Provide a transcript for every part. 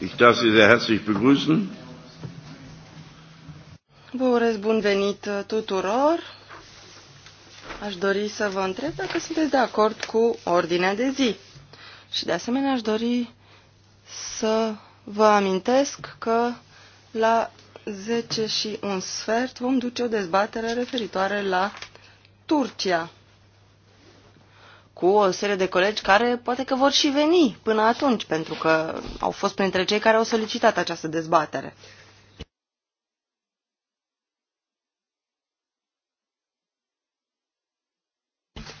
Ich darf Sie sehr herzlich begrüßen. Vă bun venit uh, tuturor. Aș dori să vă întreb dacă sunteți de acord cu ordinea de zi. Și de asemenea aș dori să vă amintesc că la 10 și un sfert vom duce o dezbatere referitoare la Turcia cu o serie de colegi care poate că vor și veni până atunci, pentru că au fost printre cei care au solicitat această dezbatere.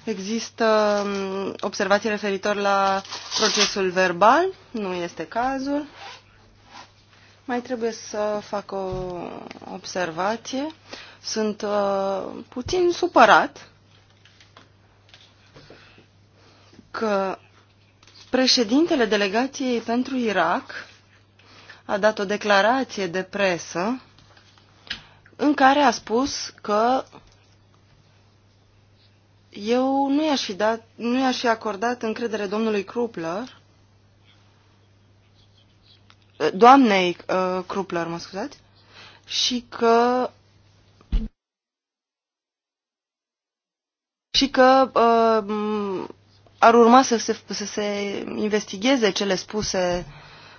Există um, observații referitor la procesul verbal, nu este cazul. Mai trebuie să fac o observație. Sunt uh, puțin supărat că președintele delegației pentru Irak a dat o declarație de presă în care a spus că eu nu i-aș fi, dat, nu i-aș fi acordat încredere domnului Krupler, doamnei uh, Krupler, mă scuzați, și că și că uh, ar urma să se, să se investigheze cele spuse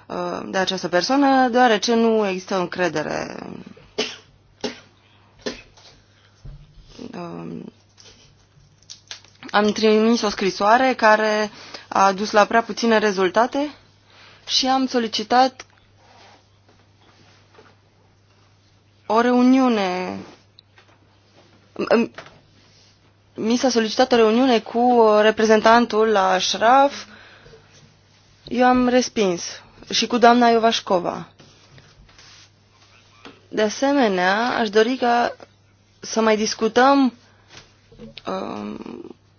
uh, de această persoană, deoarece nu există încredere um, am trimis o scrisoare care a dus la prea puține rezultate și am solicitat o reuniune mi s-a solicitat o reuniune cu uh, reprezentantul la Ashraf. Eu am respins. Și cu doamna Iovașcova. De asemenea, aș dori ca să mai discutăm um,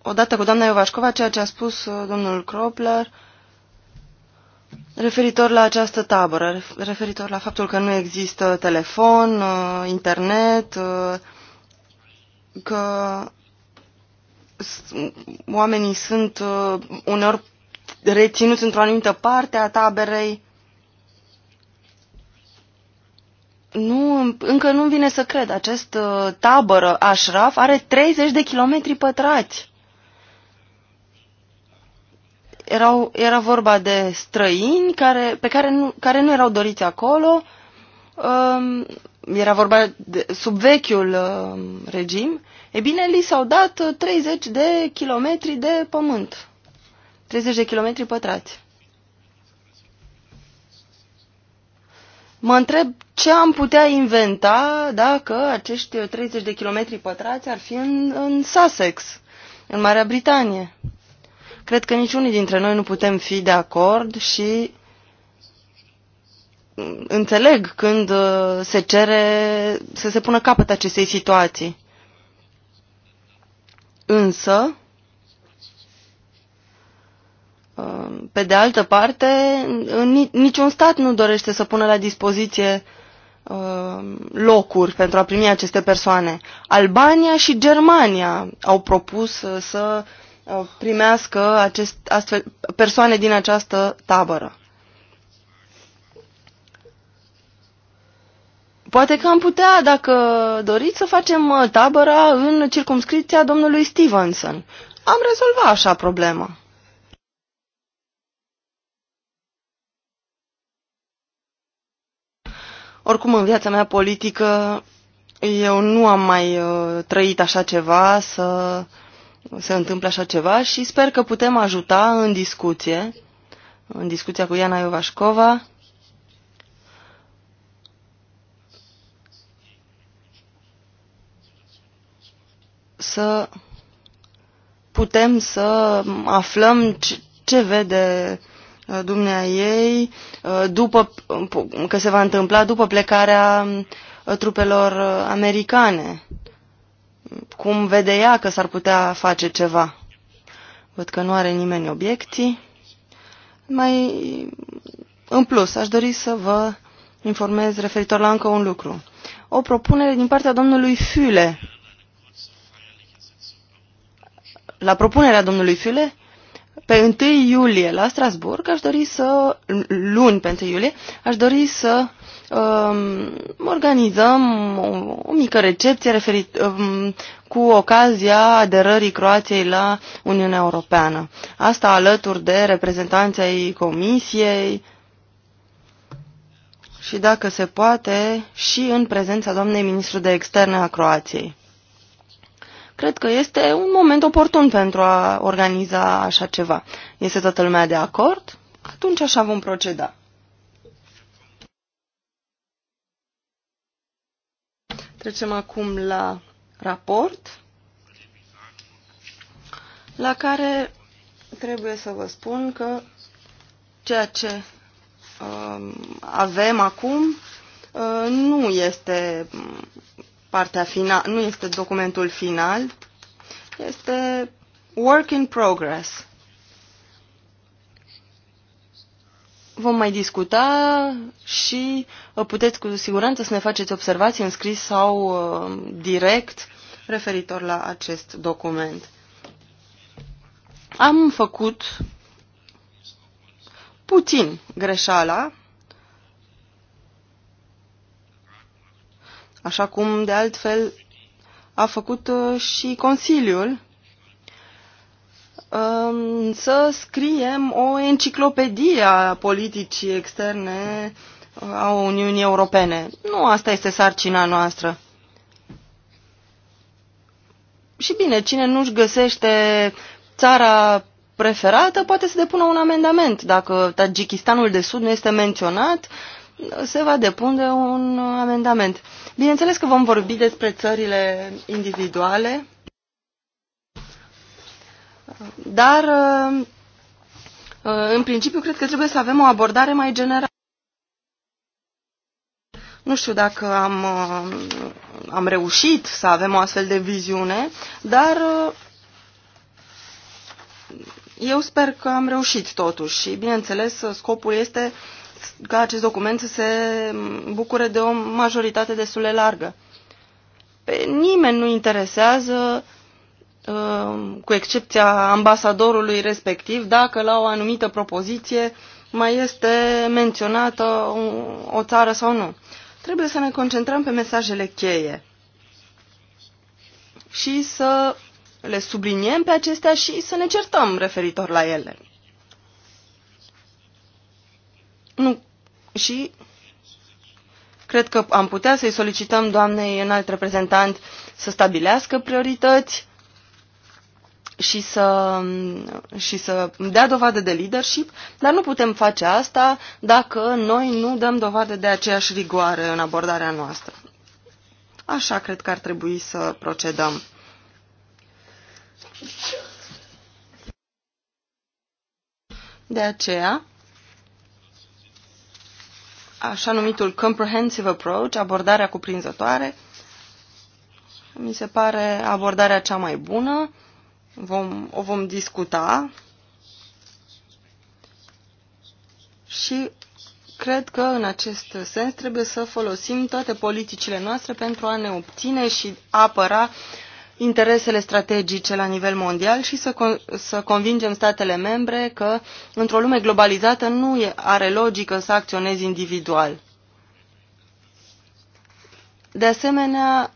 odată cu doamna Iovașcova ceea ce a spus uh, domnul Kropler referitor la această tabără, referitor la faptul că nu există telefon, uh, internet, că oamenii sunt uh, uneori reținuți într-o anumită parte a taberei. Nu, încă nu vine să cred. Acest uh, tabără Ashraf are 30 de kilometri pătrați. Erau, era vorba de străini care, pe care nu, care nu erau doriți acolo, um, era vorba de, sub vechiul uh, regim, e bine, li s-au dat 30 uh, de kilometri de pământ. 30 de kilometri pătrați. Mă întreb ce am putea inventa dacă acești 30 uh, de kilometri pătrați ar fi în, în Sussex, în Marea Britanie. Cred că niciunii dintre noi nu putem fi de acord și înțeleg când uh, se cere să se pună capăt acestei situații. Însă, uh, pe de altă parte, niciun stat nu dorește să pună la dispoziție uh, locuri pentru a primi aceste persoane. Albania și Germania au propus să primească acest, astfel, persoane din această tabără. Poate că am putea, dacă doriți, să facem uh, tabăra în circumscripția domnului Stevenson. Am rezolvat așa problema. Oricum, în viața mea politică, eu nu am mai uh, trăit așa ceva, să se întâmple așa ceva și sper că putem ajuta în discuție, în discuția cu Iana Iovașcova, să putem să aflăm ce vede uh, dumnea ei uh, după, uh, că se va întâmpla după plecarea trupelor americane. Cum vede ea că s-ar putea face ceva? Văd că nu are nimeni obiecții. Mai în plus, aș dori să vă informez referitor la încă un lucru. O propunere din partea domnului Fule la propunerea domnului Fiule, pe 1 iulie la Strasburg, aș dori să, luni pe 1 iulie, aș dori să um, organizăm o, o mică recepție referit, um, cu ocazia aderării Croației la Uniunea Europeană. Asta alături de reprezentanții ai Comisiei și, dacă se poate, și în prezența doamnei ministru de externe a Croației. Cred că este un moment oportun pentru a organiza așa ceva. Este toată lumea de acord? Atunci așa vom proceda. Trecem acum la raport, la care trebuie să vă spun că ceea ce um, avem acum uh, nu este partea finală, nu este documentul final, este work in progress. Vom mai discuta și uh, puteți cu siguranță să ne faceți observații în scris sau uh, direct referitor la acest document. Am făcut puțin greșeala așa cum de altfel a făcut uh, și Consiliul, um, să scriem o enciclopedie a politicii externe uh, a Uniunii Europene. Nu asta este sarcina noastră. Și bine, cine nu-și găsește țara preferată poate să depună un amendament. Dacă Tajikistanul de Sud nu este menționat, se va depune un amendament. Bineînțeles că vom vorbi despre țările individuale, dar în principiu cred că trebuie să avem o abordare mai generală. Nu știu dacă am, am reușit să avem o astfel de viziune, dar eu sper că am reușit totuși și, bineînțeles, scopul este uh, ca acest document să se bucure de o majoritate destul de largă. Pe nimeni nu interesează, uh, cu excepția ambasadorului respectiv, dacă la o anumită propoziție mai este menționată o țară sau nu. Trebuie să ne concentrăm pe mesajele cheie și să le subliniem pe acestea și să ne certăm referitor la ele. Nu. Și cred că am putea să-i solicităm doamnei înalt reprezentant să stabilească priorități și să, și să dea dovadă de leadership, dar nu putem face asta dacă noi nu dăm dovadă de aceeași rigoare în abordarea noastră. Așa cred că ar trebui să procedăm. De aceea, așa numitul comprehensive approach, abordarea cuprinzătoare, mi se pare abordarea cea mai bună. Vom, o vom discuta și cred că în acest sens trebuie să folosim toate politicile noastre pentru a ne obține și apăra interesele strategice la nivel mondial și să, con să convingem statele membre că într-o lume globalizată nu are logică să acționezi individual. De asemenea,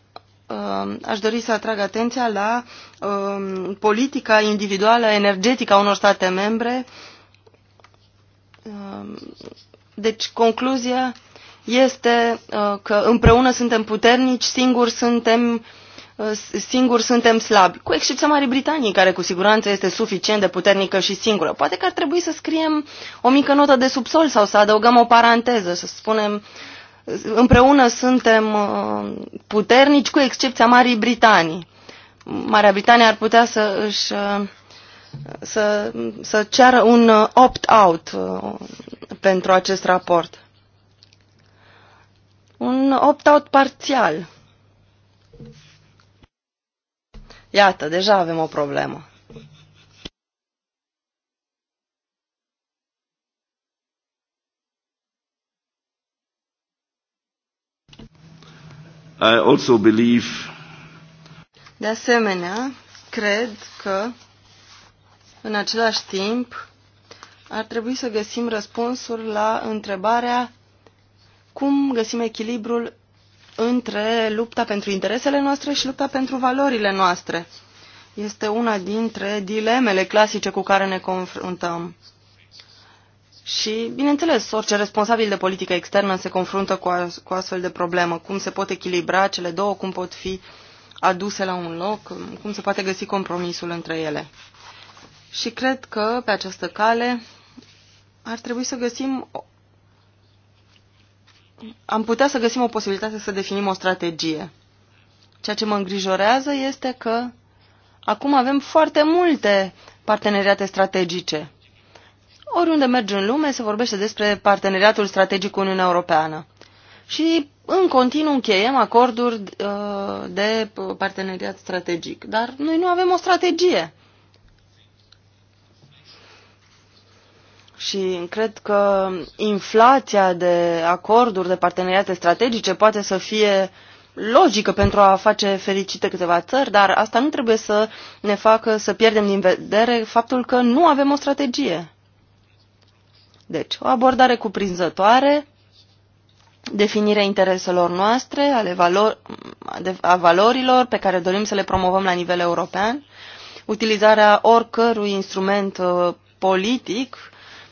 um, aș dori să atrag atenția la um, politica individuală energetică a unor state membre. Um, deci, concluzia este uh, că împreună suntem puternici, singuri suntem singuri suntem slabi, cu excepția Marii Britanii, care cu siguranță este suficient de puternică și singură. Poate că ar trebui să scriem o mică notă de subsol sau să adăugăm o paranteză, să spunem împreună suntem uh, puternici, cu excepția Marii Britanii. Marea Britanie ar putea să își uh, să, să ceară un uh, opt-out pentru acest raport. Un opt-out parțial. Iată, deja avem o problemă. I also believe de asemenea, cred că în același timp ar trebui să găsim răspunsul la întrebarea cum găsim echilibrul între lupta pentru interesele noastre și lupta pentru valorile noastre. Este una dintre dilemele clasice cu care ne confruntăm. Și, bineînțeles, orice responsabil de politică externă se confruntă cu, a, cu astfel de problemă. Cum se pot echilibra cele două, cum pot fi aduse la un loc, cum se poate găsi compromisul între ele. Și cred că, pe această cale, ar trebui să găsim am putea să găsim o posibilitate să definim o strategie. Ceea ce mă îngrijorează este că acum avem foarte multe parteneriate strategice. Oriunde mergi în lume se vorbește despre parteneriatul strategic cu Uniunea Europeană. Și în continuu încheiem acorduri uh, de parteneriat strategic. Dar noi nu avem o strategie. și cred că inflația de acorduri de parteneriate strategice poate să fie logică pentru a face fericite câteva țări, dar asta nu trebuie să ne facă să pierdem din vedere faptul că nu avem o strategie. Deci, o abordare cuprinzătoare, definirea intereselor noastre, ale valor, a valorilor pe care dorim să le promovăm la nivel european, utilizarea oricărui instrument uh, politic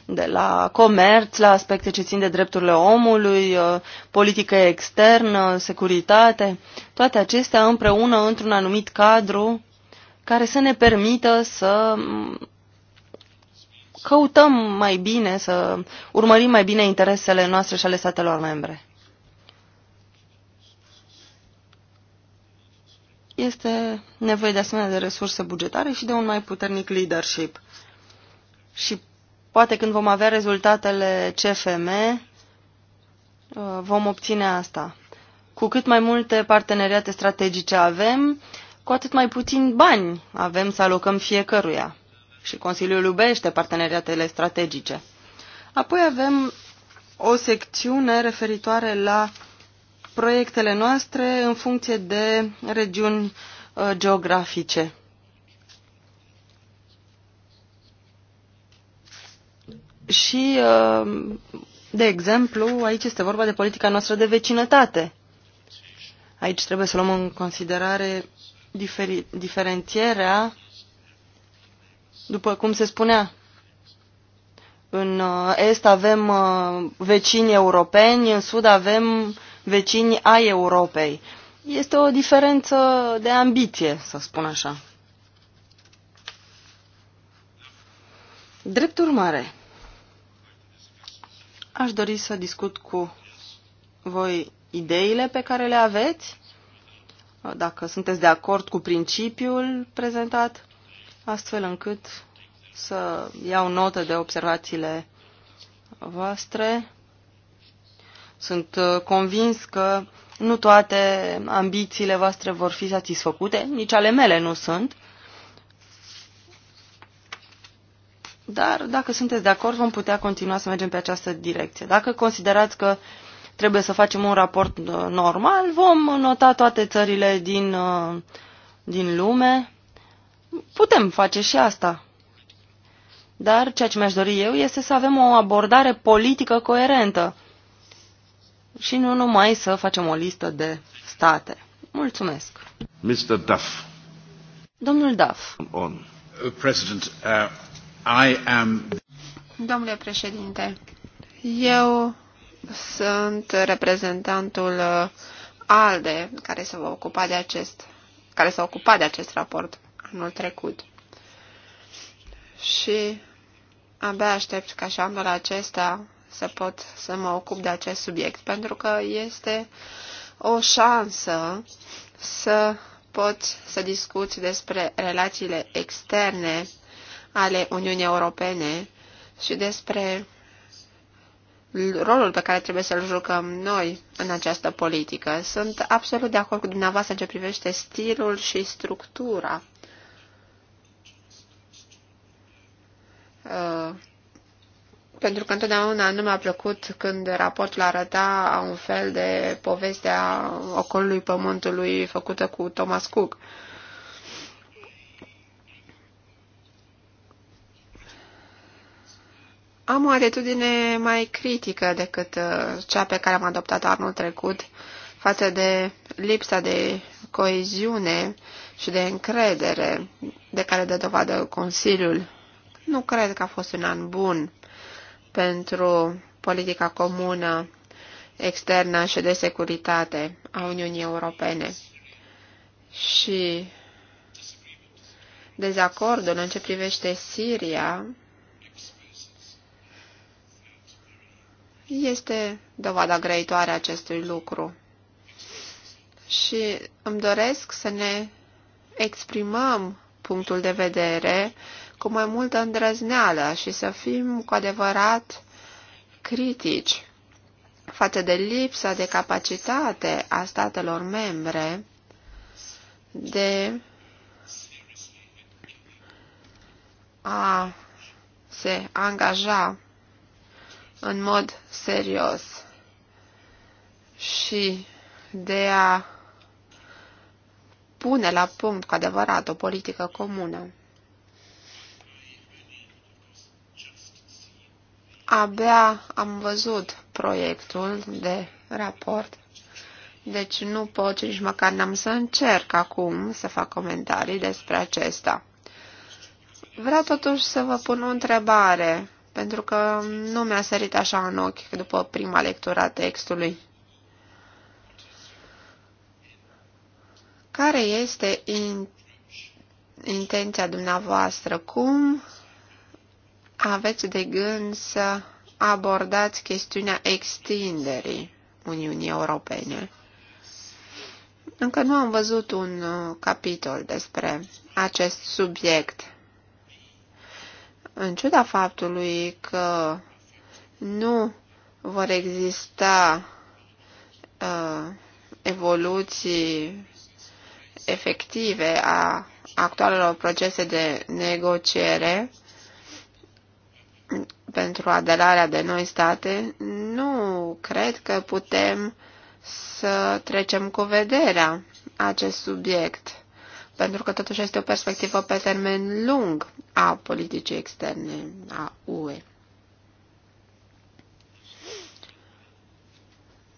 de la comerț, la aspecte ce țin de drepturile omului, uh, politică externă, securitate, toate acestea împreună într-un anumit cadru care să ne permită să mm, căutăm mai bine, să urmărim mai bine interesele noastre și ale statelor membre. Este nevoie de asemenea de resurse bugetare și de un mai puternic leadership. Și Poate când vom avea rezultatele CFM, uh, vom obține asta. Cu cât mai multe parteneriate strategice avem, cu atât mai puțin bani avem să alocăm fiecăruia. Și Consiliul iubește parteneriatele strategice. Apoi avem o secțiune referitoare la proiectele noastre în funcție de regiuni uh, geografice. Și, uh, de exemplu, aici este vorba de politica noastră de vecinătate. Aici trebuie să luăm în considerare diferi, diferențierea, după cum se spunea, în uh, Est avem uh, vecini europeni, în Sud avem vecini ai Europei. Este o diferență de ambiție, să spun așa. Drept urmare, Aș dori să discut cu voi ideile pe care le aveți, dacă sunteți de acord cu principiul prezentat, astfel încât să iau notă de observațiile voastre. Sunt uh, convins că nu toate ambițiile voastre vor fi satisfăcute, nici ale mele nu sunt, Dar dacă sunteți de acord, vom putea continua să mergem pe această direcție. Dacă considerați că trebuie să facem un raport uh, normal, vom nota toate țările din, uh, din lume. Putem face și asta. Dar ceea ce mi-aș dori eu este să avem o abordare politică coerentă și nu numai să facem o listă de state. Mulțumesc. Mr. Duff. Domnul Duff. On. Uh, President, uh... Domnule președinte, eu sunt reprezentantul uh, ALDE care se a ocupat de acest care s-a ocupat de acest raport anul trecut. Și abia aștept ca și anul acesta să pot să mă ocup de acest subiect, pentru că este o șansă să pot să discuți despre relațiile externe ale Uniunii Europene și despre rolul pe care trebuie să-l jucăm noi în această politică. Sunt absolut de acord cu dumneavoastră în ce privește stilul și structura uh, pentru că întotdeauna nu mi-a plăcut când raportul arăta un fel de poveste a ocolului pământului făcută cu Thomas Cook. Am o atitudine mai critică decât uh, cea pe care am adoptat anul trecut față de lipsa de coeziune și de încredere de care dă dovadă Consiliul. Nu cred că a fost un an bun pentru politica comună externă și de securitate a Uniunii Europene. Și dezacordul în ce privește Siria este dovada grăitoare acestui lucru. Și îmi doresc să ne exprimăm punctul de vedere cu mai multă îndrăzneală și să fim cu adevărat critici față de lipsa de capacitate a statelor membre de a se angaja în mod serios și de a pune la punct cu adevărat o politică comună. Abia am văzut proiectul de raport, deci nu pot și nici măcar n-am să încerc acum să fac comentarii despre acesta. Vreau totuși să vă pun o întrebare pentru că nu mi-a sărit așa în ochi după prima lectură a textului. Care este in, intenția dumneavoastră? Cum aveți de gând să abordați chestiunea extinderii Uniunii Europene? Încă nu am văzut un uh, capitol despre acest subiect în ciuda faptului că nu vor exista uh, evoluții efective a actualelor procese de negociere pentru aderarea de noi state, nu cred că putem să trecem cu vederea acest subiect pentru că totuși este o perspectivă pe termen lung a politicii externe a UE.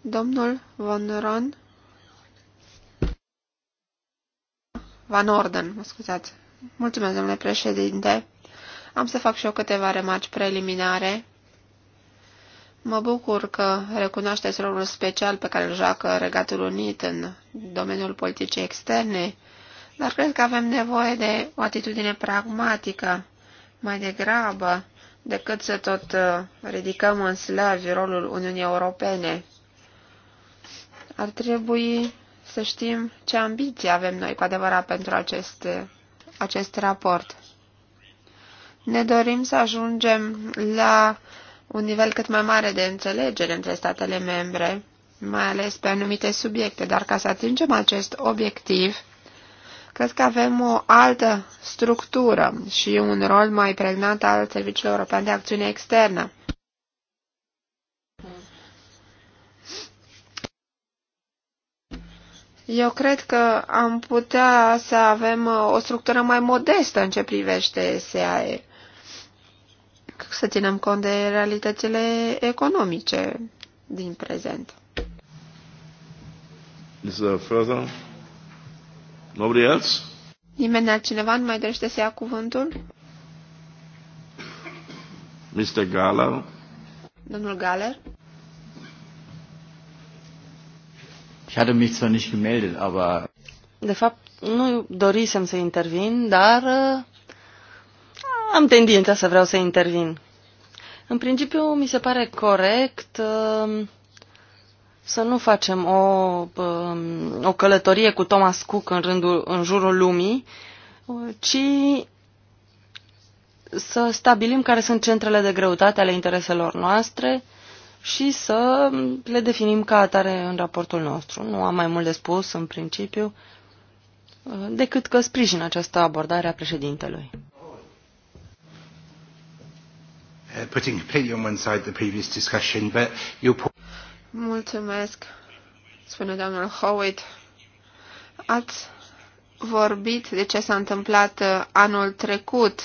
Domnul Van Ron Van Orden, mă scuzați. Mulțumesc, domnule președinte. Am să fac și eu câteva remarci preliminare. Mă bucur că recunoașteți rolul special pe care îl joacă Regatul Unit în domeniul politicii externe, dar cred că avem nevoie de o atitudine pragmatică mai degrabă decât să tot uh, ridicăm în slăvi rolul Uniunii Europene. Ar trebui să știm ce ambiții avem noi cu adevărat pentru acest, acest raport. Ne dorim să ajungem la un nivel cât mai mare de înțelegere între statele membre, mai ales pe anumite subiecte, dar ca să atingem acest obiectiv, Cred că avem o altă structură și un rol mai pregnant al Serviciului European de Acțiune Externă. Eu cred că am putea să avem uh, o structură mai modestă în ce privește SAE, să ținem cont de realitățile economice din prezent. Is there further? Nobody else? Nimeni altcineva nu mai dorește să ia cuvântul? Mr. Galler. Domnul Galler. Ich hatte mich zwar nicht gemeldet, aber... De fapt, nu dorisem să intervin, dar uh, am tendința să vreau să intervin. În principiu, mi se pare corect uh, să nu facem o, um, o călătorie cu Thomas Cook în, rândul, în jurul lumii, ci să stabilim care sunt centrele de greutate ale intereselor noastre și să le definim ca atare în raportul nostru. Nu am mai mult de spus, în principiu, decât că sprijin această abordare a președintelui. Uh, putting completely on one side the previous discussion, but you'll Mulțumesc, spune domnul Howitt. Ați vorbit de ce s-a întâmplat uh, anul trecut.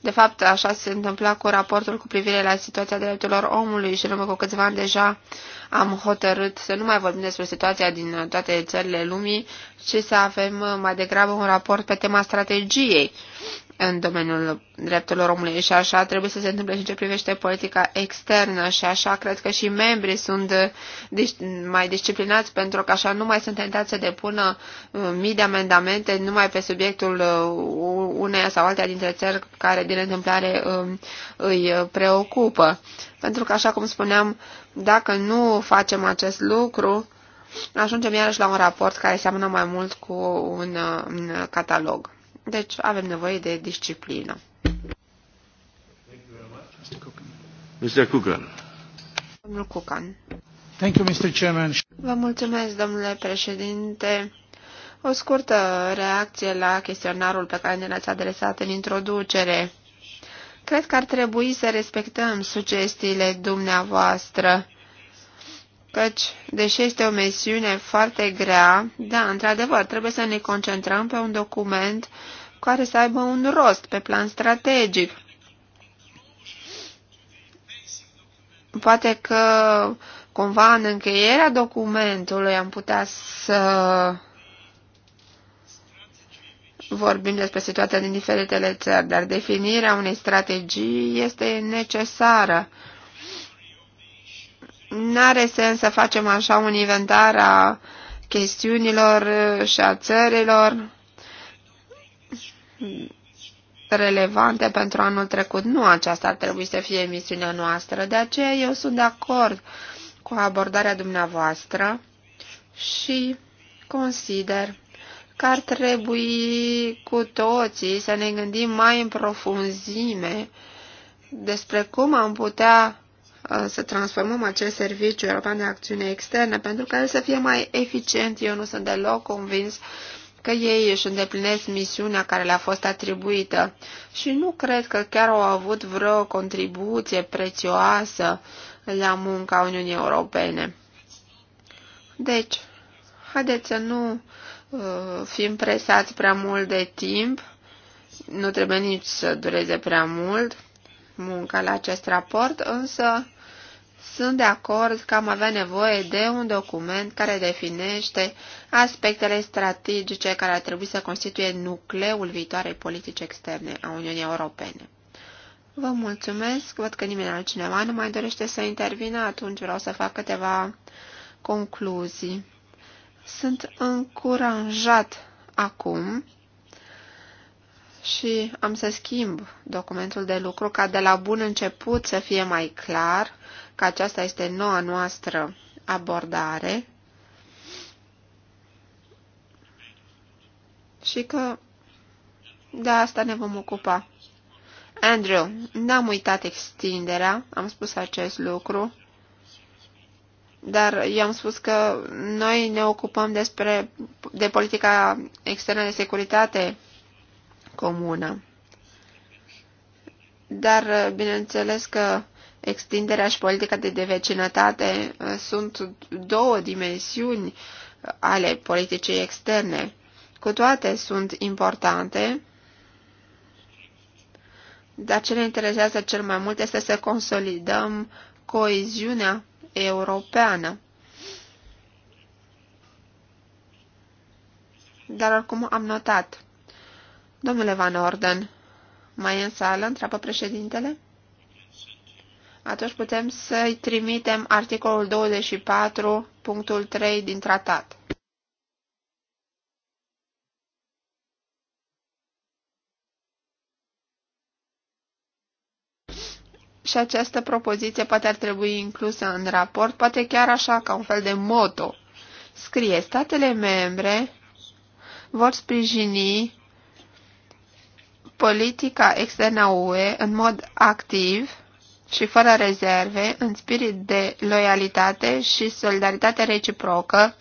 De fapt, așa se întâmpla cu raportul cu privire la situația drepturilor omului și în urmă cu câțiva ani deja am hotărât să nu mai vorbim despre situația din toate țările lumii, ci să avem uh, mai degrabă un raport pe tema strategiei în domeniul drepturilor omului și așa trebuie să se întâmple și ce privește politica externă și așa cred că și membrii sunt mai disciplinați pentru că așa nu mai sunt tentați să depună uh, mii de amendamente numai pe subiectul uh, uneia sau altea dintre țări care din întâmplare um, îi preocupă. Pentru că, așa cum spuneam, dacă nu facem acest lucru, ajungem iarăși la un raport care seamănă mai mult cu un, uh, un catalog. Deci avem nevoie de disciplină. Mr. Cucan. Domnul Cucan. Thank you, Mr. Chairman. Vă mulțumesc, domnule președinte. O scurtă reacție la chestionarul pe care ne l-ați adresat în introducere. Cred că ar trebui să respectăm sugestiile dumneavoastră căci, deși este o misiune foarte grea, da, într-adevăr, trebuie să ne concentrăm pe un document care să aibă un rost pe plan strategic. Poate că cumva în încheierea documentului am putea să vorbim despre situația din diferitele țări, dar definirea unei strategii este necesară N-are sens să facem așa un inventar a chestiunilor și a țărilor relevante pentru anul trecut. Nu aceasta ar trebui să fie misiunea noastră, de aceea eu sunt de acord cu abordarea dumneavoastră și consider că ar trebui cu toții să ne gândim mai în profunzime despre cum am putea Uh, să transformăm acest serviciu european de acțiune externă pentru că el să fie mai eficient. Eu nu sunt deloc convins că ei își îndeplinesc misiunea care le-a fost atribuită și nu cred că chiar au avut vreo contribuție prețioasă la munca Uniunii Europene. Deci, haideți să nu uh, fim presați prea mult de timp, nu trebuie nici să dureze prea mult munca la acest raport, însă sunt de acord că am avea nevoie de un document care definește aspectele strategice care ar trebui să constituie nucleul viitoarei politici externe a Uniunii Europene. Vă mulțumesc, văd că nimeni altcineva nu mai dorește să intervină, atunci vreau să fac câteva concluzii. Sunt încurajat acum și am să schimb documentul de lucru ca de la bun început să fie mai clar că aceasta este noua noastră abordare și că de asta ne vom ocupa. Andrew, n-am uitat extinderea, am spus acest lucru, dar eu am spus că noi ne ocupăm despre, de politica externă de securitate comună. Dar, uh, bineînțeles că extinderea și politica de devecinătate uh, sunt două dimensiuni uh, ale politicii externe. Cu toate sunt importante, dar ce ne interesează cel mai mult este să consolidăm coeziunea europeană. Dar oricum am notat Domnule Van Orden, mai în sală? Întreabă președintele. Atunci putem să-i trimitem articolul 24, punctul 3 din tratat. și această propoziție poate ar trebui inclusă în raport, poate chiar așa, ca un fel de moto. Scrie, statele membre vor sprijini politica externă a UE în mod activ și fără rezerve, în spirit de loialitate și solidaritate reciprocă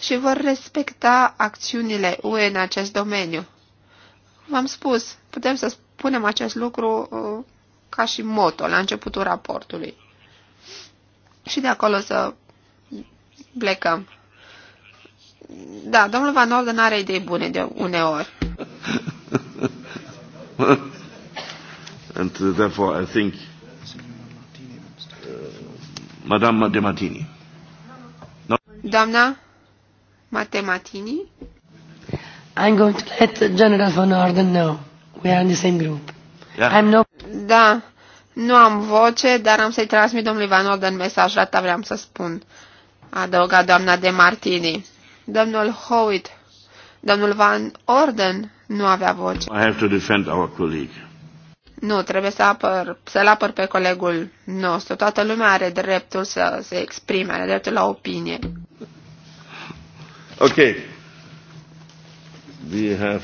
și vor respecta acțiunile UE în acest domeniu. V-am spus, putem să spunem acest lucru uh, ca și moto la începutul raportului. Și de acolo să plecăm. Da, domnul Van Orden are idei bune de uneori. and uh, therefore I think uh, Madame Matematini. No? Doamna Matematini. I'm going to let General von Orden know. We are in the same group. Yeah. I'm no... Da, nu am voce, dar am să-i transmit domnului Van Orden mesaj, asta vreau să spun. Adăuga doamna de Martini. Domnul Howitt Domnul Van Orden nu avea voce. I have to defend our colleague. Nu, trebuie să apăr, să-l apăr pe colegul nostru. Toată lumea are dreptul să se exprime, are dreptul la opinie. Ok. We have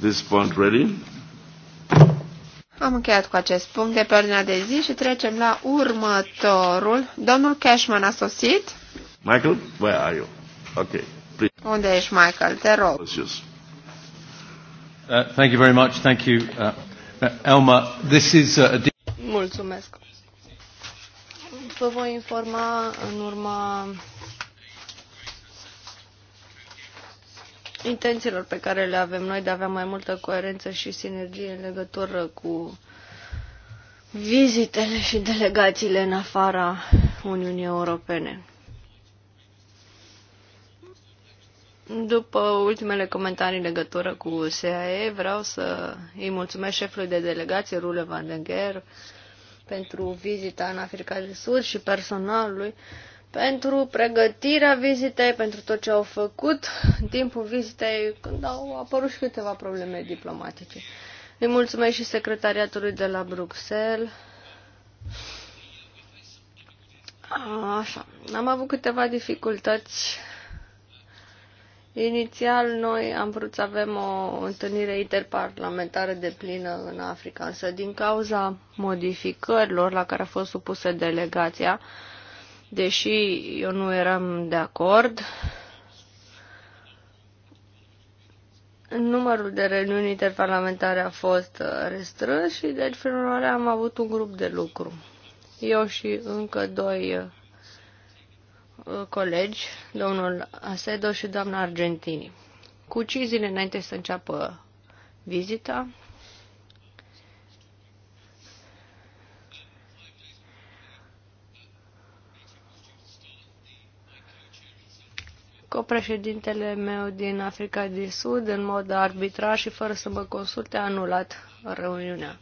this point ready. Am încheiat cu acest punct de pe ordinea de zi și trecem la următorul. Domnul Cashman a sosit. Michael, where are you? Okay. Unde ești, Michael? Te rog. Uh, thank you very much. Thank you, uh, uh Elma. This is uh, a... Mulțumesc. Vă voi informa în urma intențiilor pe care le avem noi de a avea mai multă coerență și sinergie în legătură cu vizitele și delegațiile în afara Uniunii Europene. După ultimele comentarii în legătură cu SAE, vreau să îi mulțumesc șefului de delegație, Rule Van den Ger, pentru vizita în Africa de Sud și personalului, pentru pregătirea vizitei, pentru tot ce au făcut în timpul vizitei, când au apărut și câteva probleme diplomatice. Îi mulțumesc și secretariatului de la Bruxelles. Așa, am avut câteva dificultăți Inițial, noi am vrut să avem o întâlnire interparlamentară de plină în Africa, însă din cauza modificărilor la care a fost supusă delegația, deși eu nu eram de acord, numărul de reuniuni interparlamentare a fost uh, restrâns și deci prin urmare am avut un grup de lucru. Eu și încă doi uh, colegi, domnul Asedo și doamna Argentini. Cu cinci zile înainte să înceapă vizita, copreședintele meu din Africa de Sud, în mod arbitrar și fără să mă consulte, a anulat reuniunea,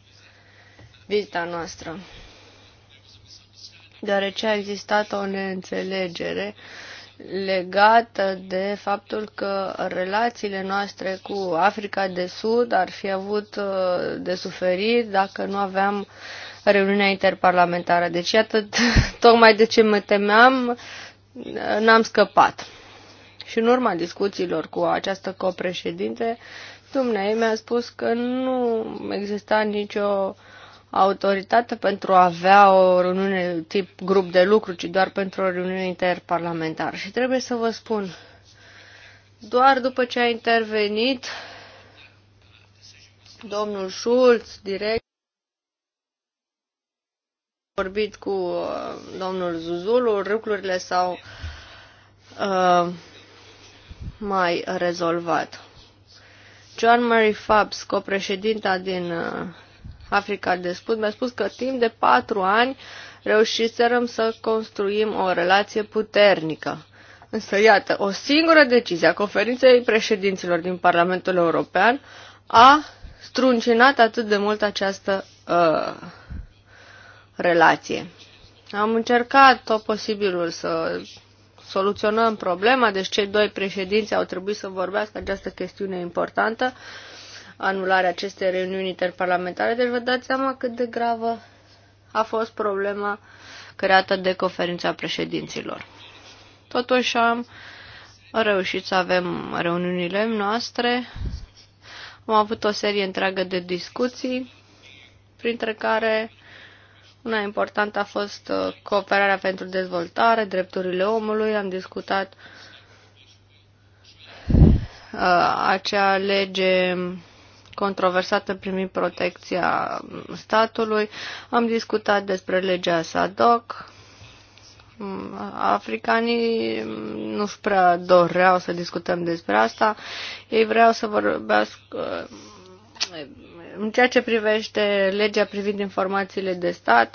vizita noastră deoarece a existat o neînțelegere legată de faptul că relațiile noastre cu Africa de Sud ar fi avut uh, de suferit dacă nu aveam reuniunea interparlamentară. Deci iată, tocmai de ce mă temeam, uh, n-am scăpat. Și în urma discuțiilor cu această copreședinte, dumneavoastră mi-a spus că nu exista nicio uh, autoritate pentru a avea o reuniune tip grup de lucru, ci doar pentru o reuniune interparlamentară. Și trebuie să vă spun, doar după ce a intervenit domnul Schulz direct, vorbit cu uh, domnul Zuzulu, lucrurile s-au uh, mai rezolvat. John Mary Fabs, copreședinta din uh, Africa de Sud, mi-a spus că timp de patru ani reușiserăm să construim o relație puternică. Însă, iată, o singură decizie a conferinței președinților din Parlamentul European a struncinat atât de mult această uh, relație. Am încercat tot posibilul să soluționăm problema, deci cei doi președinți au trebuit să vorbească această chestiune importantă. Uh, anularea acestei reuniuni interparlamentare, deci vă dați seama cât de gravă a fost problema creată de conferința președinților. Totuși am reușit să avem reuniunile noastre, am avut o serie întreagă de discuții, printre care una importantă a fost uh, cooperarea pentru dezvoltare, drepturile omului, am discutat uh, acea lege controversată privind protecția statului. Am discutat despre legea SADOC. Africanii nu prea doreau să discutăm despre asta. Ei vreau să vorbească în ceea ce privește legea privind informațiile de stat.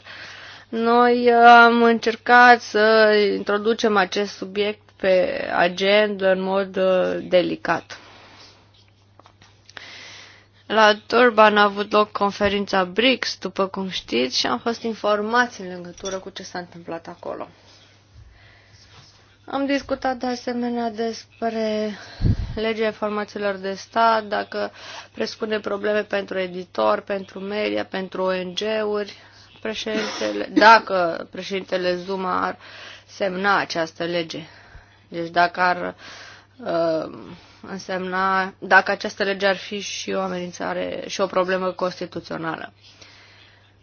Noi am încercat să introducem acest subiect pe agenda în mod uh, delicat. La Durban a avut loc conferința BRICS, după cum știți, și am fost informați în legătură cu ce s-a întâmplat acolo. Am discutat de asemenea despre legea informațiilor de stat, dacă presupune probleme pentru editor, pentru media, pentru ONG-uri, președintele, dacă președintele Zuma ar semna această lege. Deci dacă ar uh, însemna, dacă această lege ar fi și o amenințare și o problemă constituțională.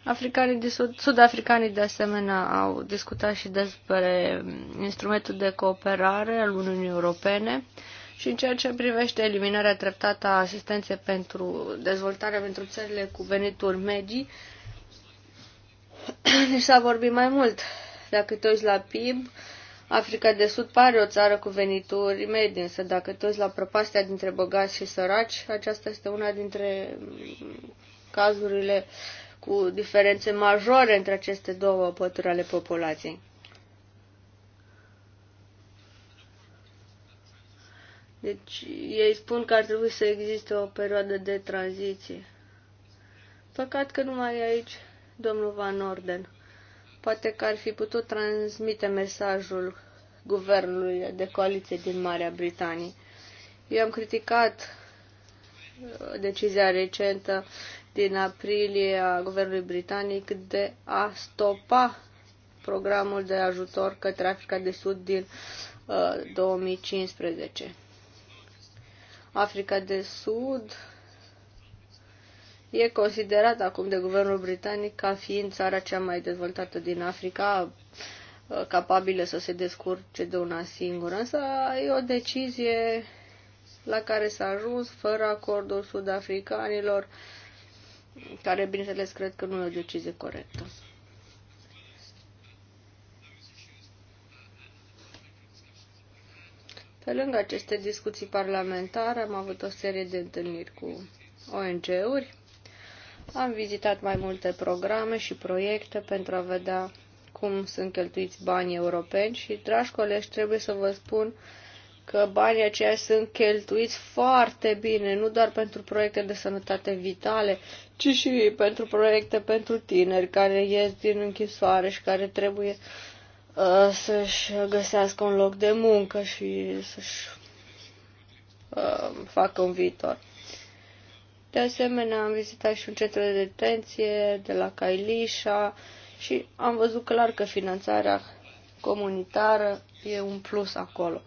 Africanii de sud, sud-africanii de asemenea au discutat și despre instrumentul de cooperare al Uniunii Europene și în ceea ce privește eliminarea treptată a asistenței pentru dezvoltare pentru țările cu venituri medii, deci s-a vorbit mai mult. Dacă te uiți la PIB, Africa de Sud pare o țară cu venituri medii, însă dacă toți la prăpastia dintre bogați și săraci, aceasta este una dintre mm, cazurile cu diferențe majore între aceste două pături ale populației. Deci ei spun că ar trebui să existe o perioadă de tranziție. Păcat că nu mai e aici domnul Van Orden. Poate că ar fi putut transmite mesajul guvernului de coaliție din Marea Britanie. Eu am criticat uh, decizia recentă din aprilie a guvernului britanic de a stopa programul de ajutor către Africa de Sud din uh, 2015. Africa de Sud e considerată acum de guvernul britanic ca fiind țara cea mai dezvoltată din Africa, ă, capabilă să se descurce de una singură, însă e o decizie la care s-a ajuns fără acordul sud-africanilor, care, bineînțeles, cred că nu e o decizie corectă. Pe lângă aceste discuții parlamentare, am avut o serie de întâlniri cu ONG-uri am vizitat mai multe programe și proiecte pentru a vedea cum sunt cheltuiți banii europeni și, dragi colegi, trebuie să vă spun că banii aceia sunt cheltuiți foarte bine, nu doar pentru proiecte de sănătate vitale, ci și pentru proiecte pentru tineri care ies din închisoare și care trebuie uh, să-și găsească un loc de muncă și să-și uh, facă un viitor. De asemenea, am vizitat și un centru de detenție de la Cailișa și am văzut clar că finanțarea comunitară e un plus acolo.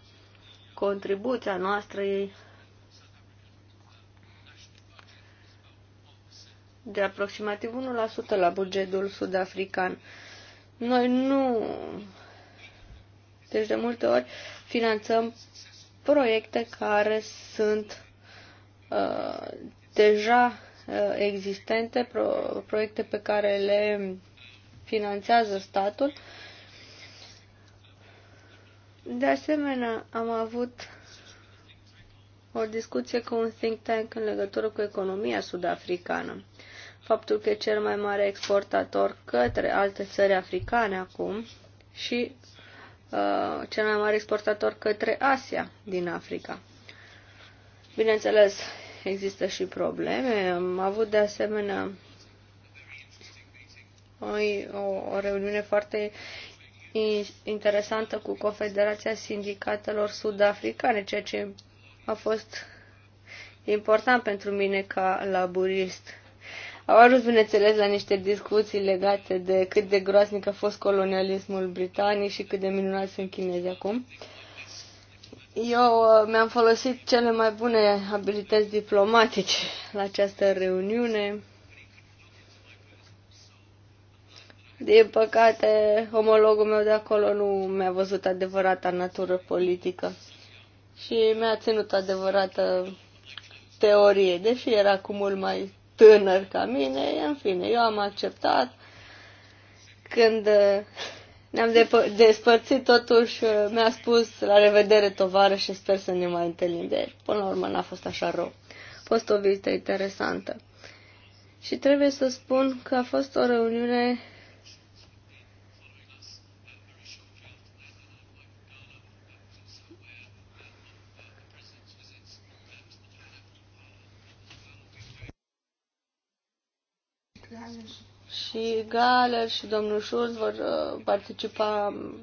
Contribuția noastră e de aproximativ 1% la bugetul sud-african. Noi nu... Deci de multe ori finanțăm proiecte care sunt uh, deja uh, existente, proiecte pe care le finanțează statul. De asemenea, am avut o discuție cu un think tank în legătură cu economia sud-africană. Faptul că e cel mai mare exportator către alte țări africane acum și uh, cel mai mare exportator către Asia din Africa. Bineînțeles, există și probleme. Am avut de asemenea o, o, o reuniune foarte interesantă cu Confederația Sindicatelor Sud-Africane, ceea ce a fost important pentru mine ca laburist. Au ajuns, bineînțeles, la niște discuții legate de cât de groaznic a fost colonialismul britanic și cât de minunat sunt chinezii acum. Uh, eu uh, mi-am folosit cele mai bune abilități diplomatice la această reuniune. Din păcate, omologul meu de acolo nu mi-a văzut adevărata natură politică și mi-a ținut adevărată teorie, deși era cu mult mai tânăr ca mine, în fine, eu am acceptat când uh, ne-am despărțit totuși, uh, mi-a spus la revedere tovară și sper să ne mai întâlnim. Deci, până la urmă, n-a fost așa rău. A fost o vizită interesantă. Și trebuie să spun că a fost o reuniune Gracias și Galer și domnul Schulz vor uh, participa um,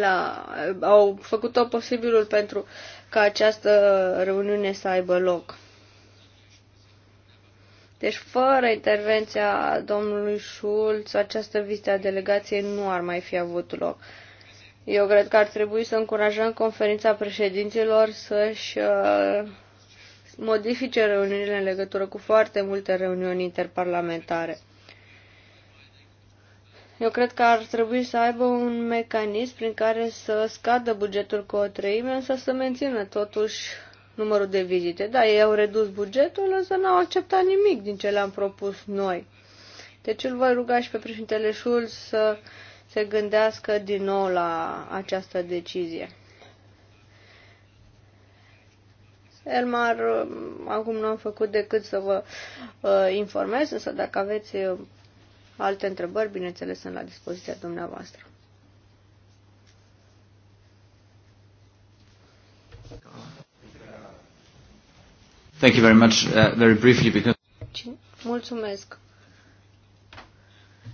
la, uh, au făcut tot posibilul pentru ca această reuniune să aibă loc. Deci, fără intervenția domnului Schulz, această vizită a delegației nu ar mai fi avut loc. Eu cred că ar trebui să încurajăm conferința președinților să-și uh, modifice reuniunile în legătură cu foarte multe reuniuni interparlamentare. Eu cred că ar trebui să aibă un mecanism prin care să scadă bugetul cu o treime, însă să mențină totuși numărul de vizite. Da, ei au redus bugetul, însă n-au acceptat nimic din ce le-am propus noi. Deci îl voi ruga și pe președintele Șul să se gândească din nou la această decizie. Elmar, um, acum nu am făcut decât să vă uh, informez, însă dacă aveți um, Alte întrebări, bineînțeles, sunt la dispoziția dumneavoastră. Thank you very much. Uh, very briefly, because... Mulțumesc.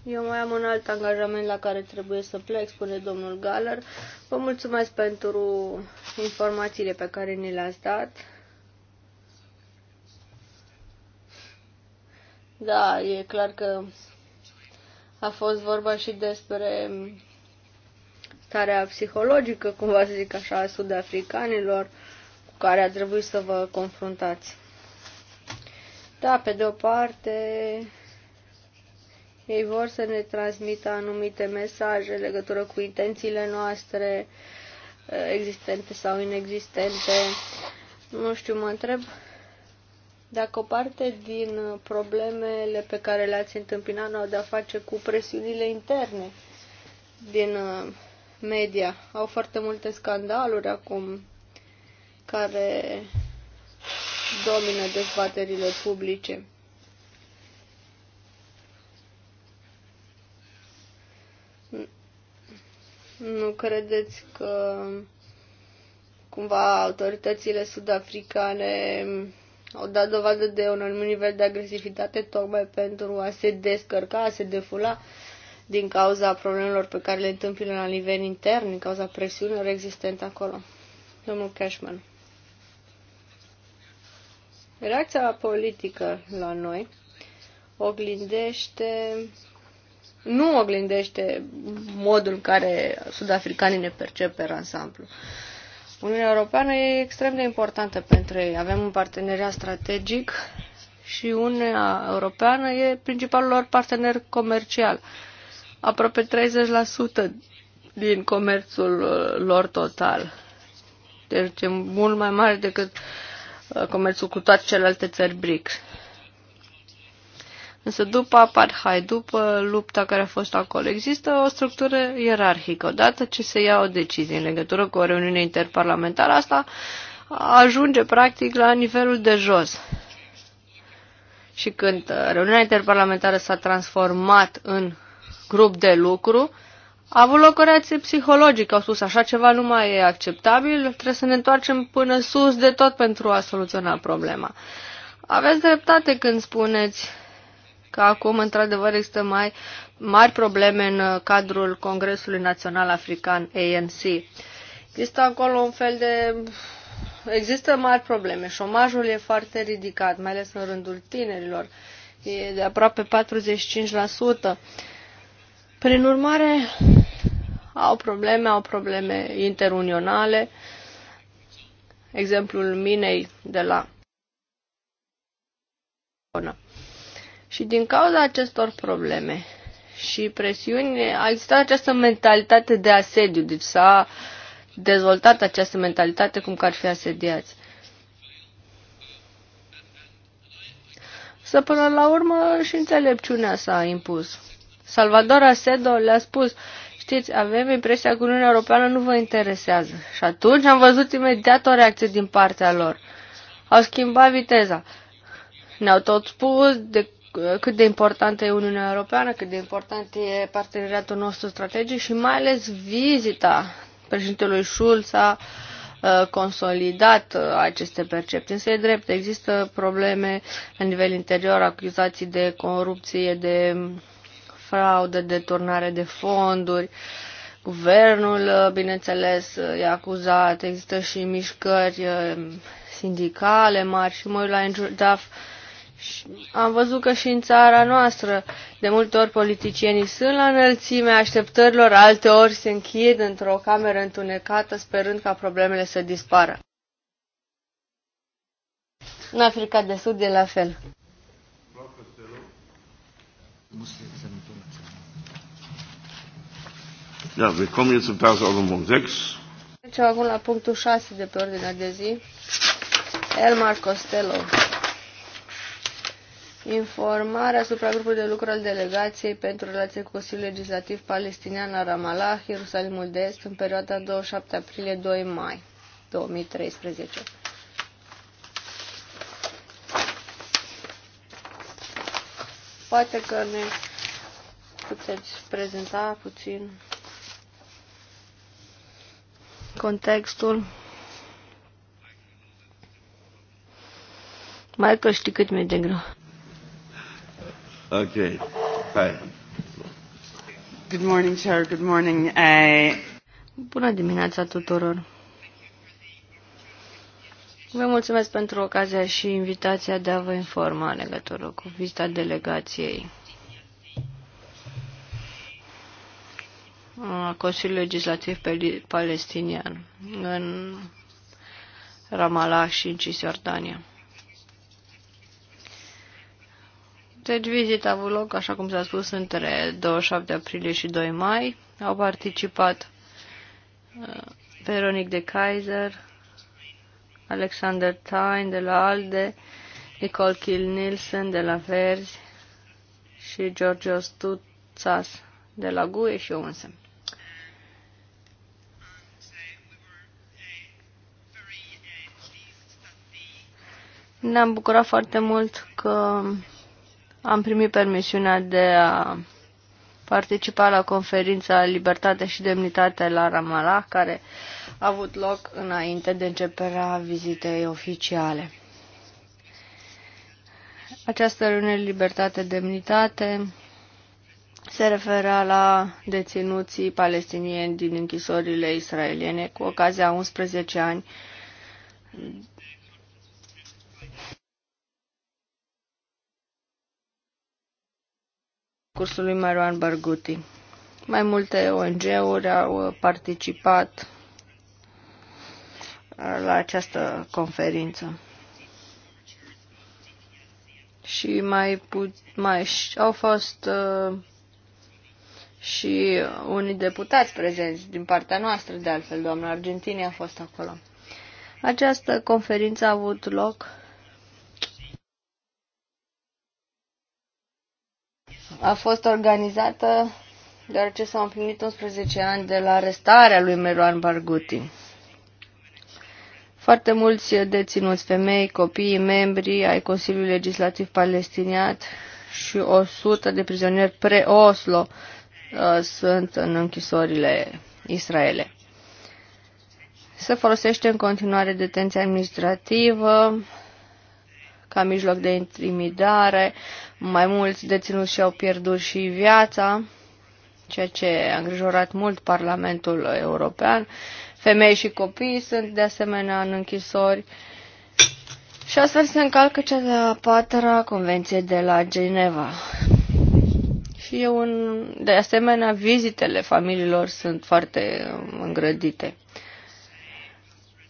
Eu mai am un alt angajament la care trebuie să plec, spune domnul Galler. Vă mulțumesc pentru informațiile pe care ni le-ați dat. Da, e clar că a fost vorba și despre starea psihologică, cumva să zic așa, a sud-africanilor cu care a trebuit să vă confruntați. Da, pe de o parte, ei vor să ne transmită anumite mesaje în legătură cu intențiile noastre existente sau inexistente. Nu știu, mă întreb dacă o parte din problemele pe care le-ați întâmpinat au de-a face cu presiunile interne din uh, media. Au foarte multe scandaluri acum care domină dezbaterile publice. Nu credeți că cumva autoritățile sud-africane au dat dovadă de un anumit nivel de agresivitate tocmai pentru a se descărca, a se defula din cauza problemelor pe care le întâmplă la nivel intern, din cauza presiunilor existente acolo. Domnul Cashman. Reacția politică la noi oglindește nu oglindește modul în care sudafricanii ne percep pe ansamblu. Uh, Uniunea Europeană e extrem de importantă pentru ei. Avem un parteneriat strategic și Uniunea Europeană e principalul lor partener comercial. Aproape 30% din comerțul uh, lor total. Deci e mult mai mare decât uh, comerțul cu toate celelalte țări BRICS. Însă după apartheid, după lupta care a fost acolo, există o structură ierarhică. Odată ce se ia o decizie în legătură cu o reuniune interparlamentară, asta ajunge practic la nivelul de jos. Și când uh, reuniunea interparlamentară s-a transformat în grup de lucru, a avut loc o reacție psihologică. Au spus așa ceva nu mai e acceptabil, trebuie să ne întoarcem până sus de tot pentru a soluționa problema. Aveți dreptate când spuneți că acum, într-adevăr, există mai mari probleme în uh, cadrul Congresului Național African, ANC. Există acolo un fel de... Există mari probleme. Șomajul e foarte ridicat, mai ales în rândul tinerilor. E de aproape 45%. Prin urmare, au probleme, au probleme interunionale. Exemplul minei de la... Bună. Și din cauza acestor probleme și presiuni, a existat această mentalitate de asediu, deci s-a dezvoltat această mentalitate cum că ar fi asediați. Să până la urmă și înțelepciunea s-a impus. Salvador Asedo le-a spus, știți, avem impresia că Uniunea Europeană nu vă interesează. Și atunci am văzut imediat o reacție din partea lor. Au schimbat viteza. Ne-au tot spus de cât de importantă e Uniunea Europeană, cât de important e parteneriatul nostru strategic și mai ales vizita președintelui Schulz a consolidat aceste percepții. Însă e drept, există probleme la nivel interior, acuzații de corupție, de fraudă, de turnare de fonduri. Guvernul, bineînțeles, e acuzat, există și mișcări sindicale mari și mă uit la Andrew Duff, am văzut că și în țara noastră de multe ori politicienii sunt la înălțimea așteptărilor, alte ori se închid într-o cameră întunecată sperând ca problemele să dispară. În Africa de Sud e la fel. Ja, wir kommen jetzt zum Tagesordnungspunkt 6. Trecem acum la punctul 6 de pe ordinea de zi. Elmar Costello informarea asupra grupului de lucru al delegației pentru relații cu Consiliul Legislativ Palestinian la Ramallah, Ierusalimul de Est, în perioada 27 aprilie-2 mai 2013. Poate că ne puteți prezenta puțin contextul. Mai că știi cât mi-e de greu. Okay. Hi. Good morning, Chair. Good morning. Uh... Bună dimineața tuturor. Vă mulțumesc pentru ocazia și invitația de a vă informa în legătură cu vizita delegației a Consiliului Legislativ Palestinian în Ramallah și în Cisjordania. Deci vizita a avut loc, așa cum s-a spus, între 27 aprilie și 2 mai. Au participat uh, Veronic de Kaiser, Alexander Tyne de la ALDE, Nicole Kill Nielsen de la Verzi și Georgios Tutsas de la GUE și eu însă. Ne-am bucurat foarte mult că am primit permisiunea de a participa la conferința Libertate și Demnitate la Ramallah, care a avut loc înainte de începerea vizitei oficiale. Această reuniune Libertate-Demnitate se referă la deținuții palestinieni din închisorile israeliene cu ocazia 11 ani discursul lui Marouan Barguti. Mai multe ONG-uri au uh, participat uh, la această conferință. Și mai, put- mai au fost uh, și unii deputați prezenți din partea noastră, de altfel, doamna Argentinii a fost acolo. Această conferință a avut loc a fost organizată deoarece s-au împlinit 11 ani de la arestarea lui Meruan Barguti. Foarte mulți deținuți femei, copii, membri ai Consiliului Legislativ Palestinian și 100 de prizonieri pre-Oslo uh, sunt în închisorile Israele. Se folosește în continuare detenția administrativă, ca mijloc de intimidare. Mai mulți deținuți și-au pierdut și viața, ceea ce a îngrijorat mult Parlamentul European. Femei și copii sunt de asemenea în închisori. Și astfel se încalcă cea de-a patra convenție de la Geneva. Și eu, un... de asemenea, vizitele familiilor sunt foarte îngrădite.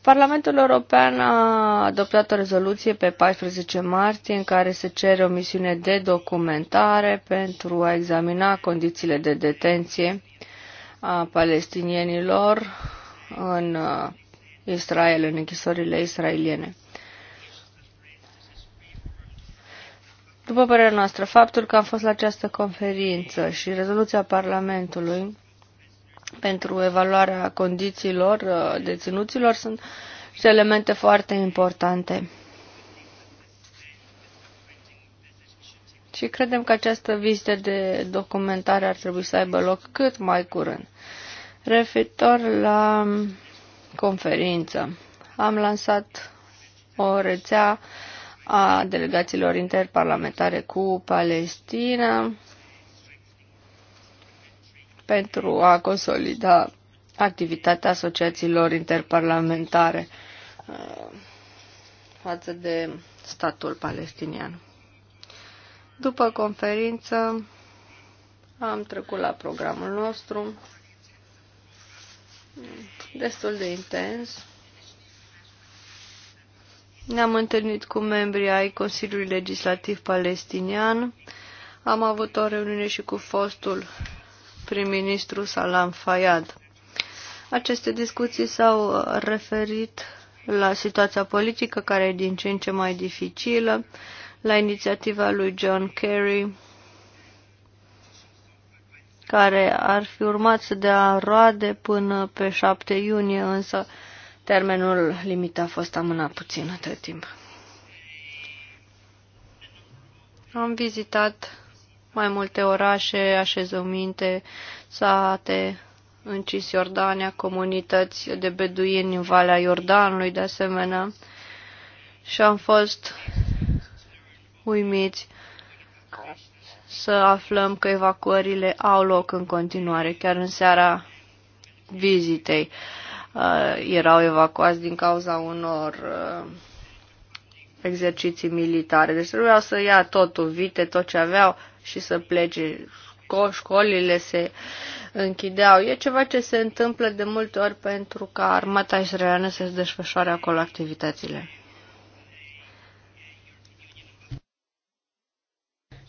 Parlamentul European a adoptat o rezoluție pe 14 martie în care se cere o misiune de documentare pentru a examina condițiile de detenție a palestinienilor în uh, Israel, în închisorile israeliene. După părerea noastră, faptul că am fost la această conferință și rezoluția Parlamentului pentru evaluarea condițiilor uh, deținuților sunt și elemente foarte importante. Și credem că această vizită de documentare ar trebui să aibă loc cât mai curând. Referitor la conferință, am lansat o rețea a delegațiilor interparlamentare cu Palestina, pentru a consolida activitatea asociațiilor interparlamentare uh, față de statul palestinian. După conferință am trecut la programul nostru destul de intens. Ne-am întâlnit cu membrii ai Consiliului Legislativ Palestinian. Am avut o reuniune și cu fostul prim-ministru Salam Fayad. Aceste discuții s-au referit la situația politică care e din ce în ce mai dificilă, la inițiativa lui John Kerry, care ar fi urmat să dea roade până pe 7 iunie, însă termenul limit a fost amânat puțin atât timp. Am vizitat mai multe orașe, așezăminte, sate în Cisjordania, comunități de beduini în Valea Iordanului, de asemenea. Și am fost uimiți să aflăm că evacuările au loc în continuare, chiar în seara vizitei. Uh, erau evacuați din cauza unor uh, exerciții militare. Deci trebuia să ia totul, vite, tot ce aveau și să plece. Școlile se închideau. E ceva ce se întâmplă de multe ori pentru ca armata israeliană să-și desfășoare acolo activitățile.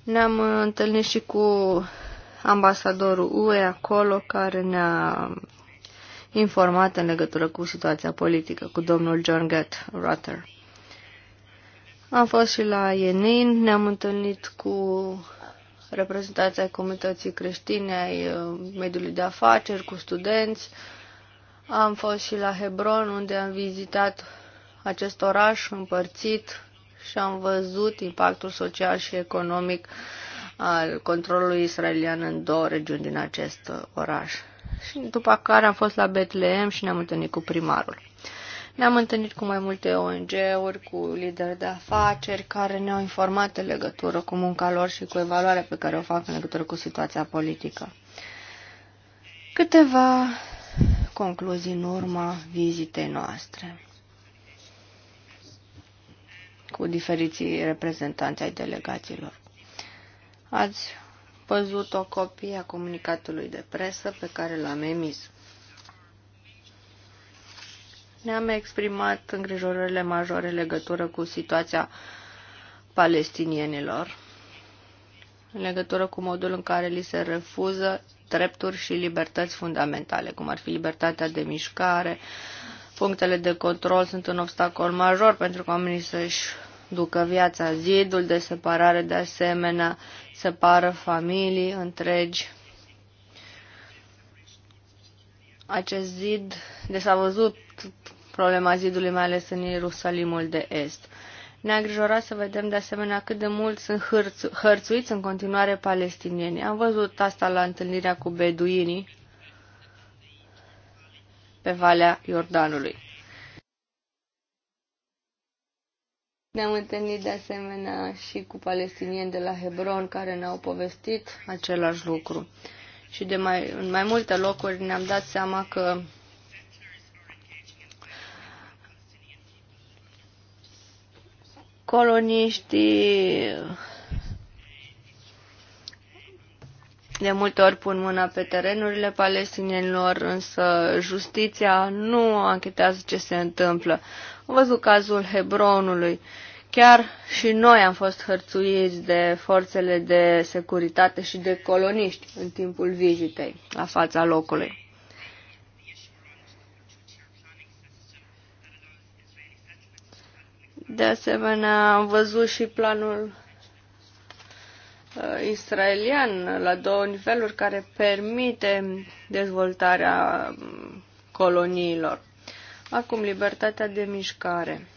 Ne-am întâlnit și cu ambasadorul UE acolo care ne-a informat în legătură cu situația politică, cu domnul John Gett Rutter. Am fost și la Ienin, ne-am întâlnit cu reprezentanții ai comunității creștine, ai uh, mediului de afaceri, cu studenți. Am fost și la Hebron, unde am vizitat acest oraș împărțit și am văzut impactul social și economic al controlului israelian în două regiuni din acest uh, oraș. Și după care am fost la Betlehem și ne-am întâlnit cu primarul. Ne-am întâlnit cu mai multe ONG-uri, cu lideri de afaceri care ne-au informat în legătură cu munca lor și cu evaluarea pe care o fac în legătură cu situația politică. Câteva concluzii în urma vizitei noastre cu diferiții reprezentanți ai delegațiilor. Ați văzut o copie a comunicatului de presă pe care l-am emis ne-am exprimat îngrijorările majore în legătură cu situația palestinienilor, în legătură cu modul în care li se refuză drepturi și libertăți fundamentale, cum ar fi libertatea de mișcare, punctele de control sunt un obstacol major pentru că oamenii să-și ducă viața. Zidul de separare, de asemenea, separă familii întregi acest zid, de s-a văzut problema zidului, mai ales în Ierusalimul de Est. Ne-a îngrijorat să vedem de asemenea cât de mult sunt hărțu- hărțuiți în continuare palestinieni. Am văzut asta la întâlnirea cu beduinii pe Valea Iordanului. Ne-am întâlnit de asemenea și cu palestinieni de la Hebron care ne-au povestit același lucru și de mai, în mai multe locuri ne-am dat seama că coloniștii de multe ori pun mâna pe terenurile palestinienilor, însă justiția nu anchetează ce se întâmplă. Am văzut cazul Hebronului. Uh, Chiar și noi am fost hărțuiți de forțele de securitate și de coloniști în timpul vizitei la fața locului. De asemenea, am văzut și planul uh, israelian la două niveluri care permite dezvoltarea um, coloniilor. Acum, libertatea de mișcare.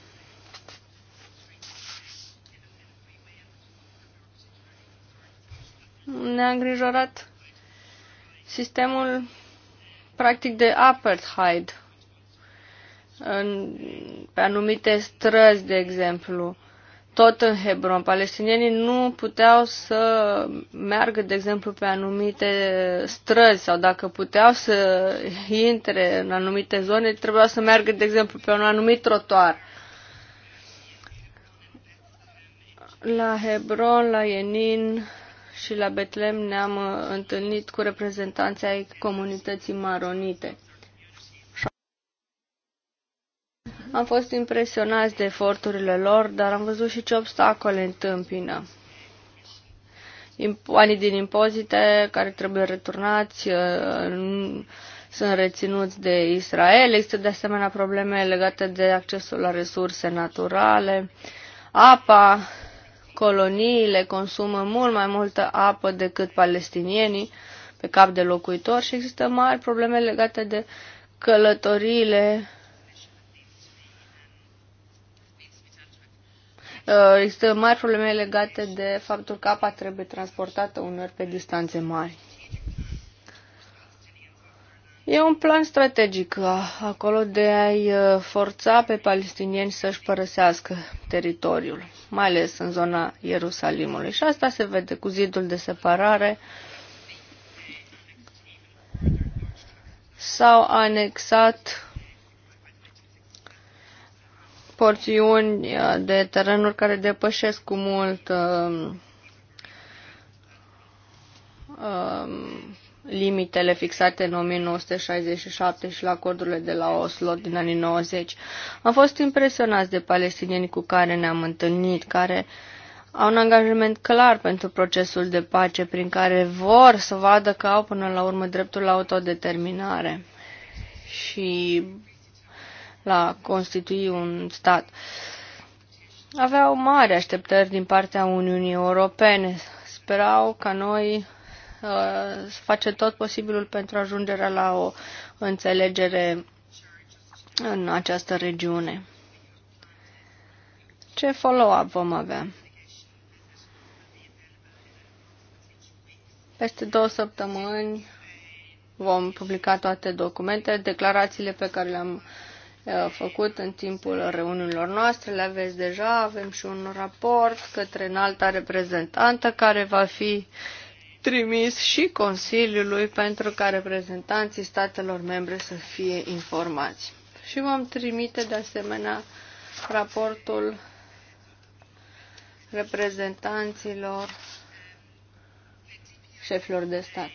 ne-a îngrijorat sistemul practic de apartheid în, pe anumite străzi, de exemplu. Tot în Hebron, palestinienii nu puteau să meargă, de exemplu, pe anumite străzi sau dacă puteau să intre în anumite zone, trebuia să meargă, de exemplu, pe un anumit trotuar. La Hebron, la Ienin, și la Betlem ne-am uh, întâlnit cu reprezentanții ai comunității maronite. Am fost impresionați de eforturile lor, dar am văzut și ce obstacole întâmpină. Banii din impozite care trebuie returnați uh, sunt reținuți de Israel. Există de asemenea probleme legate de accesul la resurse naturale, apa, coloniile consumă mult mai multă apă decât palestinienii pe cap de locuitor și există mari probleme legate de călătoriile uh, Există mari probleme legate de faptul că apa trebuie transportată uneori pe distanțe mari. E un plan strategic acolo de a-i forța pe palestinieni să-și părăsească teritoriul, mai ales în zona Ierusalimului. Și asta se vede cu zidul de separare sau anexat porțiuni de terenuri care depășesc cu mult um, um, limitele fixate în 1967 și la acordurile de la Oslo din anii 90. Am fost impresionați de palestinieni cu care ne-am întâlnit, care au un angajament clar pentru procesul de pace prin care vor să vadă că au până la urmă dreptul la autodeterminare și la constitui un stat. Aveau mari așteptări din partea Uniunii Europene. Sperau ca noi face tot posibilul pentru ajungerea la o înțelegere în această regiune. Ce follow-up vom avea? Peste două săptămâni vom publica toate documentele, declarațiile pe care le-am uh, făcut în timpul reuniunilor noastre, le aveți deja, avem și un raport către înalta reprezentantă care va fi uh, trimis și Consiliului pentru ca reprezentanții statelor membre să fie informați. Și vom trimite de asemenea raportul reprezentanților șefilor de stat.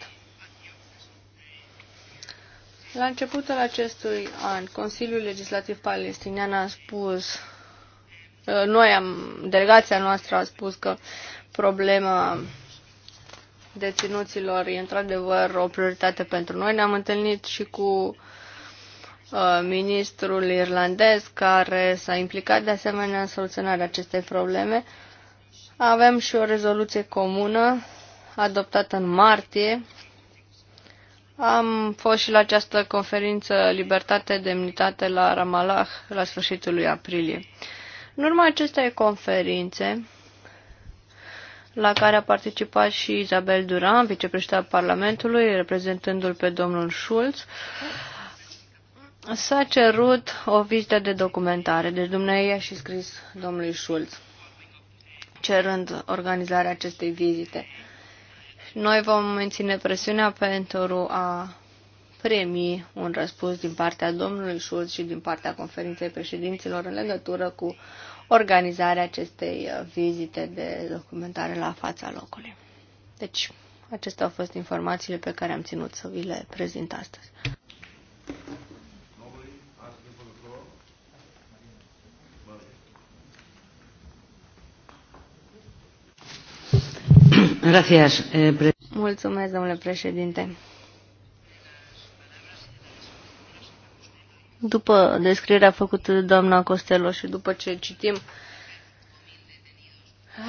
La începutul acestui an, Consiliul Legislativ Palestinian a spus, noi am, delegația noastră a spus că problema deținuților e într-adevăr o prioritate pentru noi. Ne-am întâlnit și cu uh, ministrul irlandez care s-a implicat de asemenea în soluționarea acestei probleme. Avem și o rezoluție comună adoptată în martie. Am fost și la această conferință Libertate, Demnitate la Ramallah la sfârșitul lui aprilie. În urma acestei conferințe, la care a participat și Isabel Duran, vicepreședinta Parlamentului, reprezentându-l pe domnul Schulz, s-a cerut o vizită de documentare. Deci dumneavoastră a și scris domnului Schulz, cerând organizarea acestei vizite. Noi vom menține presiunea pentru a primi un răspuns din partea domnului Schulz și din partea conferinței președinților în legătură cu organizarea acestei uh, vizite de documentare la fața locului. Deci, acestea au fost informațiile pe care am ținut să vi le prezint astăzi. Eh, Mulțumesc, domnule președinte. După descrierea făcută de doamna Costello și după ce citim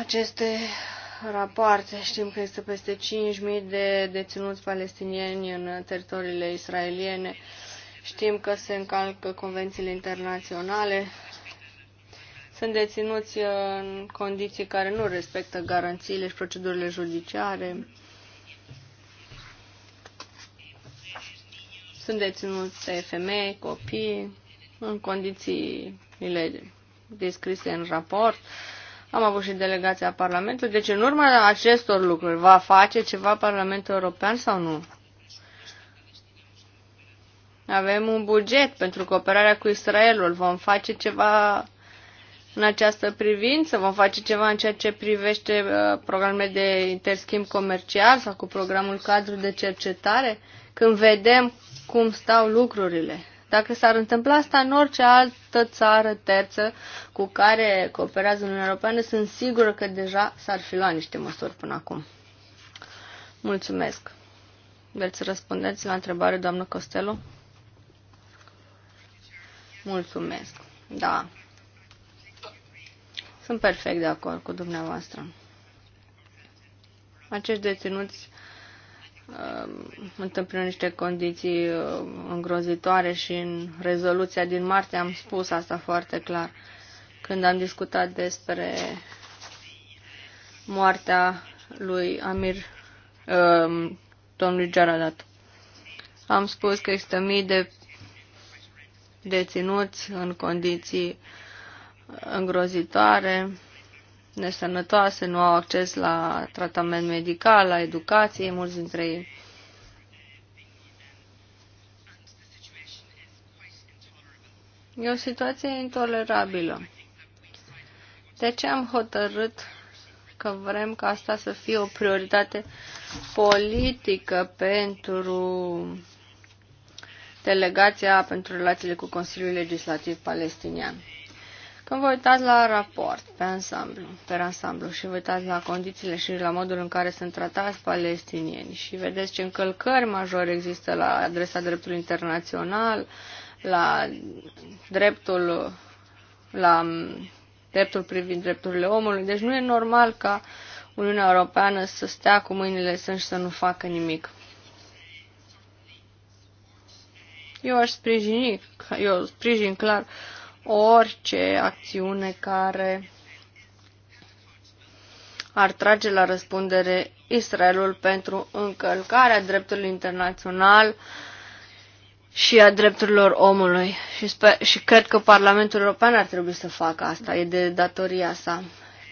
aceste rapoarte, știm că este peste 5.000 de deținuți palestinieni în teritoriile israeliene, știm că se încalcă convențiile internaționale, sunt deținuți în condiții care nu respectă garanțiile și procedurile judiciare, sunt deținuți femei, copii, în condițiile descrise în raport. Am avut și delegația Parlamentului. Deci, în urma acestor lucruri, va face ceva Parlamentul European sau nu? Avem un buget pentru cooperarea cu Israelul. Vom face ceva în această privință? Vom face ceva în ceea ce privește uh, programele de interschimb comercial sau cu programul cadru de cercetare? Când vedem cum stau lucrurile. Dacă s-ar întâmpla asta în orice altă țară terță cu care cooperează Uniunea Europeană, sunt sigură că deja s-ar fi luat niște măsuri până acum. Mulțumesc. Vreți să răspundeți la întrebare, doamnă Costello? Mulțumesc. Da. Sunt perfect de acord cu dumneavoastră. Acești deținuți întâmplă niște condiții uh, îngrozitoare și în rezoluția din martie am spus asta foarte clar. Când am discutat despre moartea lui Amir, um, domnului Jaradat. Am spus că există mii de deținuți în condiții îngrozitoare, nesănătoase, nu au acces la tratament medical, la educație, mulți dintre ei. E o situație intolerabilă. De ce am hotărât că vrem ca asta să fie o prioritate politică pentru delegația pentru relațiile cu Consiliul Legislativ Palestinian. Când vă uitați la raport pe ansamblu, pe ansamblu și vă uitați la condițiile și la modul în care sunt tratați palestinieni și vedeți ce încălcări majore există la adresa dreptului internațional, la dreptul la dreptul privind drepturile omului. Deci nu e normal ca Uniunea Europeană să stea cu mâinile sân și să nu facă nimic. Eu aș sprijini, eu sprijin clar orice acțiune care ar trage la răspundere Israelul pentru încălcarea dreptului internațional și a drepturilor omului. Și, sper, și cred că Parlamentul European ar trebui să facă asta, e de datoria sa.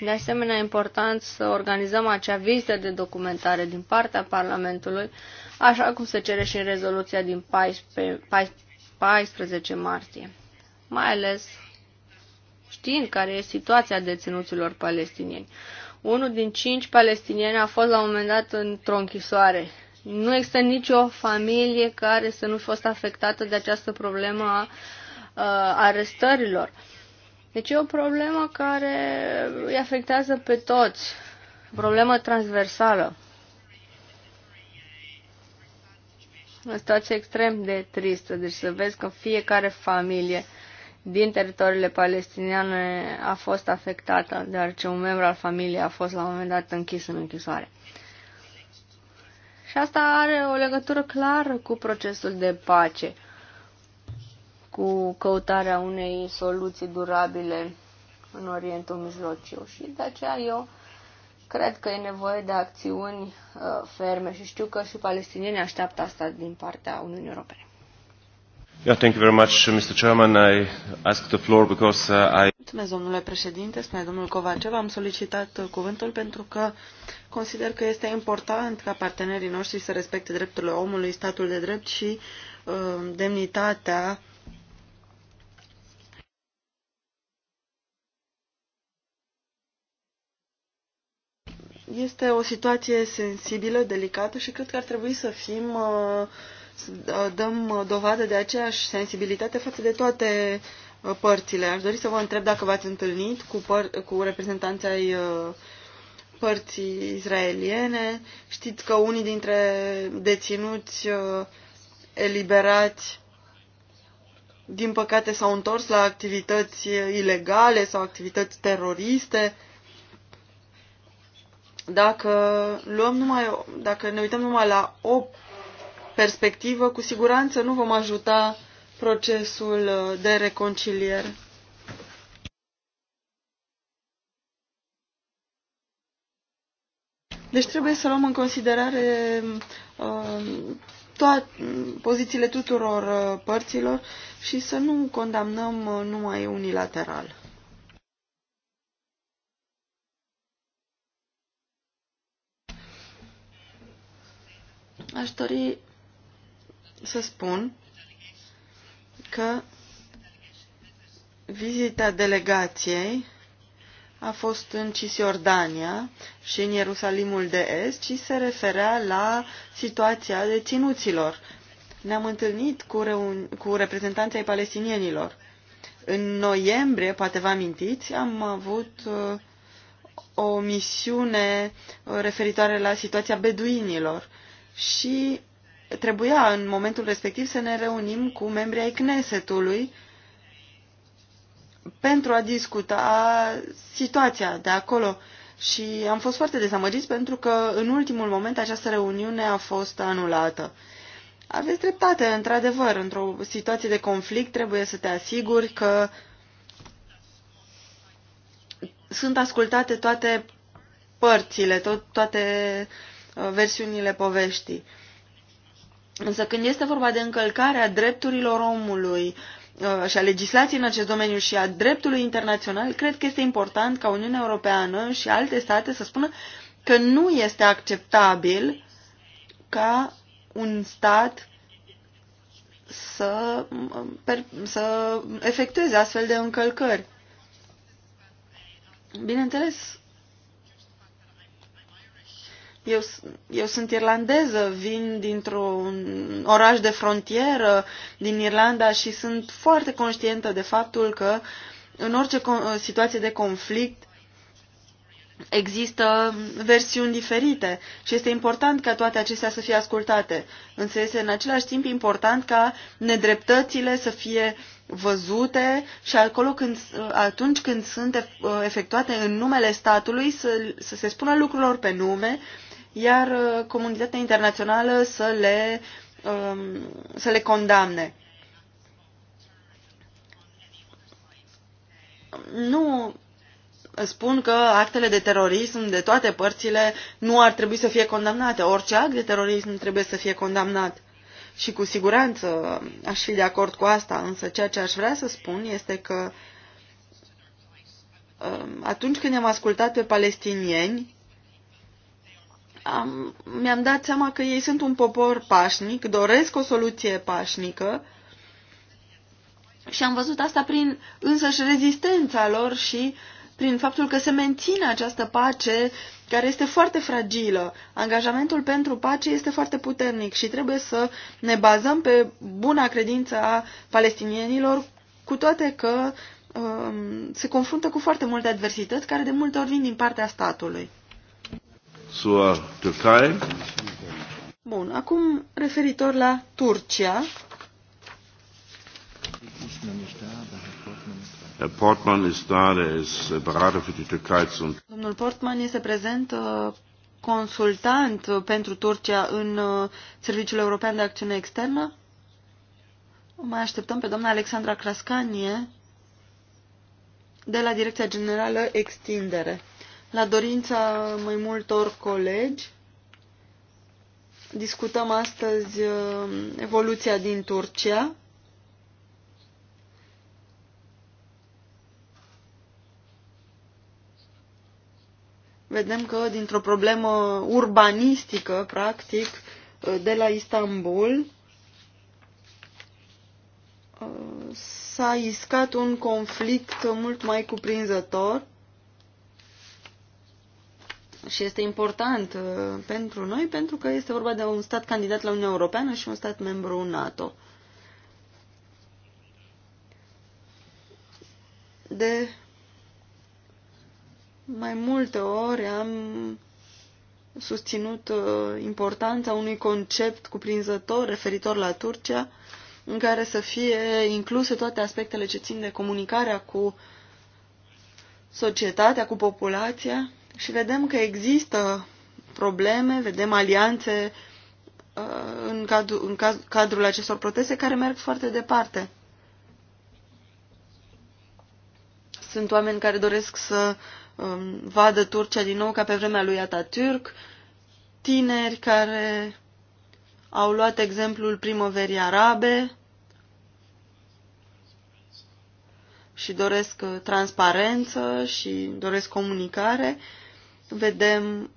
De asemenea, e important să organizăm acea vizită de documentare din partea Parlamentului, așa cum se cere și în rezoluția din 14, 14 martie mai ales știind care e situația deținuților palestinieni. Unul din cinci palestinieni a fost la un moment dat într-o închisoare. Nu există nicio familie care să nu fi fost afectată de această problemă a uh, arestărilor. Deci e o problemă care îi afectează pe toți. Problemă transversală. O situație extrem de tristă. Deci să vezi că fiecare familie din teritoriile palestiniane a fost afectată, deoarece un membru al familiei a fost la un moment dat închis în închisoare. Și asta are o legătură clară cu procesul de pace, cu căutarea unei soluții durabile în Orientul Mijlociu. Și de aceea eu cred că e nevoie de acțiuni uh, ferme și știu că și palestinienii așteaptă asta din partea Uniunii Europene. Yeah, thank you very much, Mr. Chairman. I the floor because uh, I... Mulțumesc, domnule președinte, spune domnul Covacev. Am solicitat uh, cuvântul pentru că consider că este important ca partenerii noștri să respecte drepturile omului, statul de drept și uh, demnitatea Este o situație sensibilă, delicată și cred că ar trebui să fim uh, dăm dovadă de aceeași sensibilitate față de toate uh, părțile. Aș dori să vă întreb dacă v-ați întâlnit cu, păr- cu reprezentanții ai uh, părții izraeliene. Știți că unii dintre deținuți uh, eliberați din păcate s-au întors la activități ilegale sau activități teroriste. Dacă luăm numai, dacă ne uităm numai la o perspectivă, cu siguranță nu vom ajuta procesul uh, de reconciliere. Deci trebuie să luăm în considerare uh, toate pozițiile tuturor uh, părților și să nu condamnăm uh, numai unilateral. Aș dori să spun că vizita delegației a fost în Cisjordania și în Ierusalimul de Est și se referea la situația deținuților. Ne-am întâlnit cu, cu reprezentanții ai palestinienilor. În noiembrie, poate vă amintiți, am avut uh, o misiune uh, referitoare la situația beduinilor și trebuia în momentul respectiv să ne reunim cu membrii ai Knesetului pentru a discuta situația de acolo. Și am fost foarte dezamăgiți pentru că în ultimul moment această reuniune a fost anulată. Aveți dreptate, într-adevăr, într-o situație de conflict trebuie să te asiguri că sunt ascultate toate părțile, to- toate uh, versiunile poveștii. Însă când este vorba de încălcarea drepturilor omului uh, și a legislației în acest domeniu și a dreptului internațional, cred că este important ca Uniunea Europeană și alte state să spună că nu este acceptabil ca un stat să, um, să efectueze astfel de încălcări. Bineînțeles, eu, eu sunt irlandeză, vin dintr-un oraș de frontieră din Irlanda și sunt foarte conștientă de faptul că în orice situație de conflict există versiuni diferite și este important ca toate acestea să fie ascultate. Însă este în același timp important ca nedreptățile să fie văzute și acolo când, atunci când sunt uh, efectuate în numele statului să, să se spună lucrurilor pe nume iar uh, comunitatea internațională să le, um, să le condamne. Nu spun că actele de terorism de toate părțile nu ar trebui să fie condamnate. Orice act de terorism trebuie să fie condamnat. Și cu siguranță aș fi de acord cu asta, însă ceea ce aș vrea să spun este că um, atunci când am ascultat pe palestinieni, am, mi-am dat seama că ei sunt un popor pașnic, doresc o soluție pașnică și am văzut asta prin însăși rezistența lor și prin faptul că se menține această pace care este foarte fragilă. Angajamentul pentru pace este foarte puternic și trebuie să ne bazăm pe buna credință a palestinienilor, cu toate că um, se confruntă cu foarte multe adversități care de multe ori vin din partea statului zur Türkei. Bun, acum referitor la Turcia. Herr Portman ist da, der ist äh, Berater für die Türkei Domnul Portman este prezent uh, consultant uh, pentru Turcia în uh, Serviciul European de Acțiune Externă. Mai așteptăm pe doamna Alexandra Crascanie de la Direcția Generală Extindere la dorința mai multor colegi. Discutăm astăzi uh, evoluția din Turcia. Vedem că dintr-o problemă urbanistică, practic, uh, de la Istanbul, uh, s-a iscat un conflict mult mai cuprinzător și este important uh, pentru noi pentru că este vorba de un stat candidat la Uniunea Europeană și un stat membru NATO. De mai multe ori am susținut uh, importanța unui concept cuprinzător referitor la Turcia în care să fie incluse toate aspectele ce țin de comunicarea cu societatea, cu populația și vedem că există probleme, vedem alianțe uh, în, cadru, în cadrul acestor proteste care merg foarte departe. Sunt oameni care doresc să um, vadă Turcia din nou ca pe vremea lui Atatürk, tineri care au luat exemplul primăverii arabe și doresc uh, transparență și doresc comunicare. Uh, vedem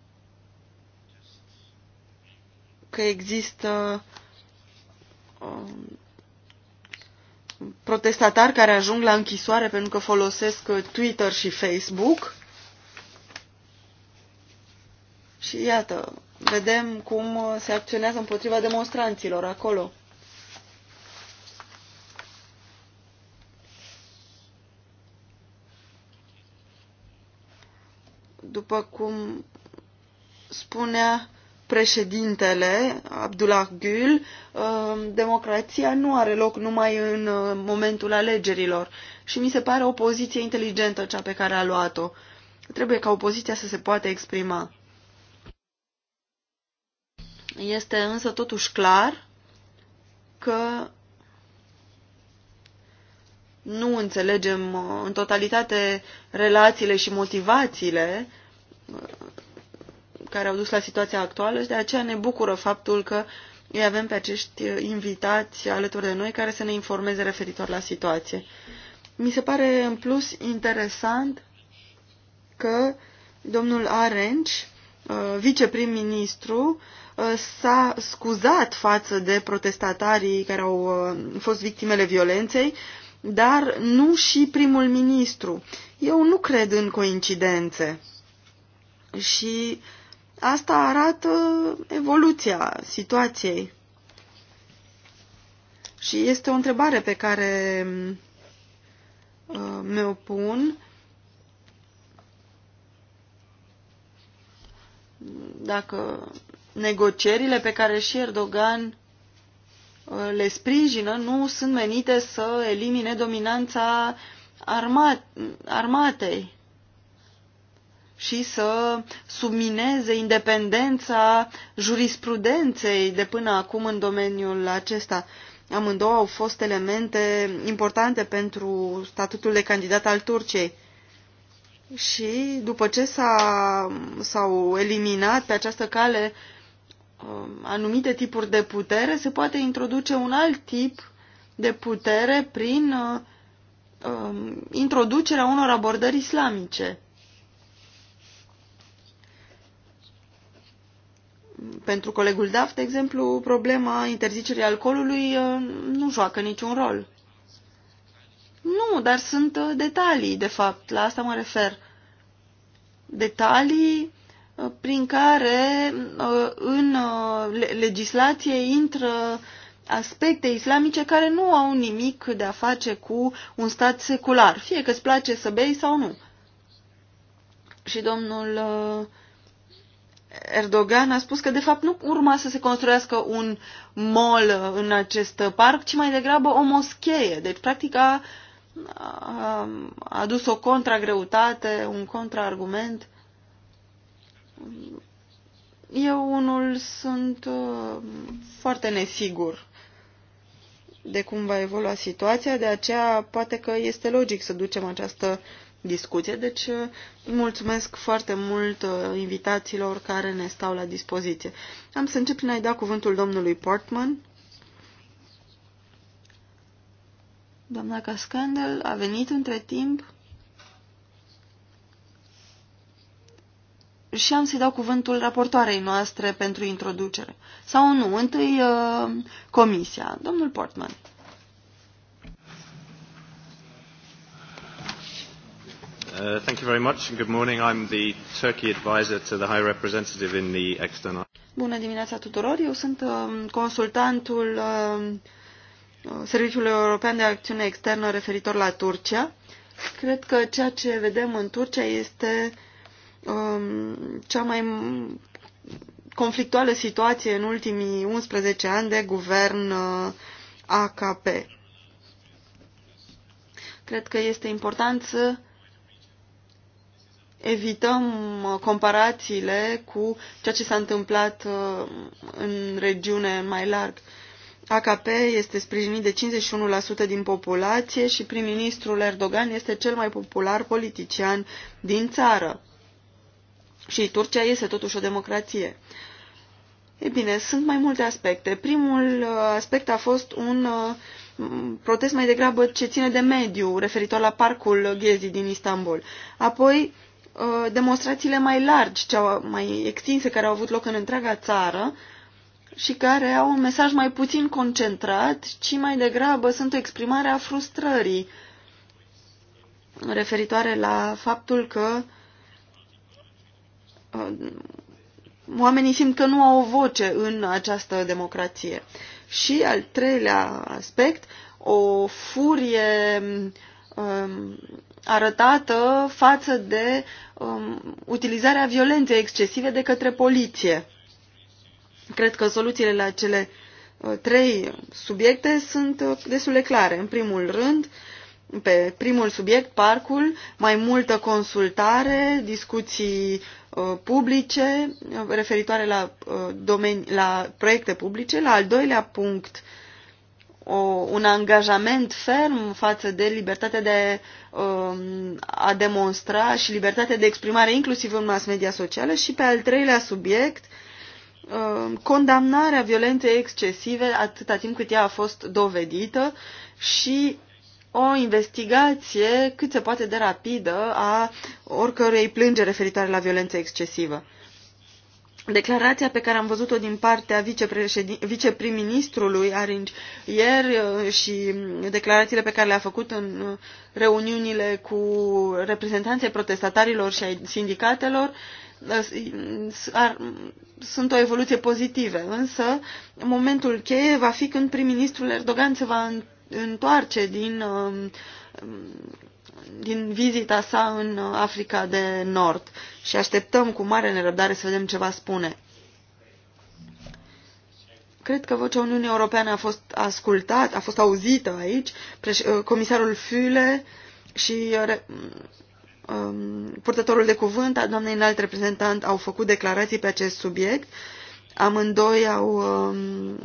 că există um, protestatari care ajung la închisoare pentru că folosesc Twitter și Facebook. Și iată, vedem cum se acționează împotriva demonstranților acolo. După cum spunea președintele Abdullah Gül, um, democrația nu are loc numai în uh, momentul alegerilor și mi se pare o poziție inteligentă cea pe care a luat-o. Trebuie ca opoziția să se poată exprima. Este însă totuși clar că nu înțelegem uh, în totalitate relațiile și motivațiile care au dus la situația actuală și de aceea ne bucură faptul că îi avem pe acești invitați alături de noi care să ne informeze referitor la situație. Mi se pare în plus interesant că domnul Arenci, uh, viceprim-ministru, uh, s-a scuzat față de protestatarii care au uh, fost victimele violenței, dar nu și primul ministru. Eu nu cred în coincidențe. Și asta arată evoluția situației. Și este o întrebare pe care uh, mi-o pun. Dacă negocierile pe care și Erdogan uh, le sprijină nu sunt menite să elimine dominanța armat, armatei și să submineze independența jurisprudenței de până acum în domeniul acesta. Amândouă au fost elemente importante pentru statutul de candidat al Turciei. Și după ce s-au eliminat pe această cale um, anumite tipuri de putere, se poate introduce un alt tip de putere prin uh, um, introducerea unor abordări islamice pentru colegul Daft, de exemplu, problema interzicerii alcoolului uh, nu joacă niciun rol. Nu, dar sunt uh, detalii, de fapt, la asta mă refer. Detalii uh, prin care în legislație intră aspecte islamice care nu au nimic de a face cu un stat secular, fie că îți place să bei sau nu. Și domnul Erdogan a spus că de fapt nu urma să se construiască un mall în acest parc, ci mai degrabă o moschee. Deci, practic, a, a adus o contragreutate, un contraargument. Eu unul sunt uh, foarte nesigur de cum va evolua situația, de aceea poate că este logic să ducem această uh, discuție. Deci uh, mulțumesc foarte mult uh, invitațiilor care ne stau la dispoziție. Am să încep prin a-i da cuvântul domnului Portman. Doamna Cascandel a venit între timp. Și am să-i dau cuvântul raportoarei noastre pentru introducere. Sau nu, întâi uh, comisia. Domnul Portman. Uh, thank you very much good morning. I'm the Turkey advisor to the High Representative in the External. Bună dimineața tuturor. Eu sunt um, consultantul um, Serviciului European de Acțiune Externă referitor la Turcia. Cred că ceea ce vedem în Turcia este um, cea mai conflictuală situație în ultimii 11 ani de guvern uh, AKP. Cred că este important să evităm uh, comparațiile cu ceea ce s-a întâmplat uh, în regiune mai larg. AKP este sprijinit de 51% din populație și prim-ministrul Erdogan este cel mai popular politician din țară. Și Turcia este totuși o democrație. E bine, sunt mai multe aspecte. Primul uh, aspect a fost un protest mai degrabă ce ține de mediu, referitor la parcul Ghezi din Istanbul. Apoi, Uh, demonstrațiile mai largi, cea mai extinse, care au avut loc în întreaga țară și care au un mesaj mai puțin concentrat, ci mai degrabă sunt o exprimare a frustrării referitoare la faptul că uh, oamenii simt că nu au o voce în această democrație. Și al treilea aspect, o furie um, arătată față de um, utilizarea violenței excesive de către poliție. Cred că soluțiile la cele uh, trei subiecte sunt uh, destul de clare. În primul rând, pe primul subiect, parcul, mai multă consultare, discuții uh, publice uh, referitoare la, uh, domeni, la proiecte publice. La al doilea punct, uh, o, un angajament ferm față de libertatea de um, a demonstra și libertatea de exprimare, inclusiv în mass media socială, și pe al treilea subiect, um, condamnarea violenței excesive atâta timp cât ea a fost dovedită și o investigație cât se poate de rapidă a oricărei plângeri referitoare la violență excesivă. Declarația pe care am văzut-o din partea viceprim-ministrului Arinci ieri uh, și declarațiile pe care le-a făcut în uh, reuniunile cu reprezentanții protestatarilor și ai sindicatelor uh, sunt o evoluție pozitivă. însă momentul cheie va fi când prim-ministrul Erdogan se va întoarce din Mm, din vizita sa în uh, Africa de Nord și așteptăm cu mare nerăbdare să vedem ce va spune. Cred că vocea Uniunii Europeană a fost ascultată, a fost auzită aici. Uh, comisarul Füle și uh, mm, um, purtătorul de cuvânt a doamnei înalt reprezentant au făcut declarații pe acest subiect. Amândoi au, um,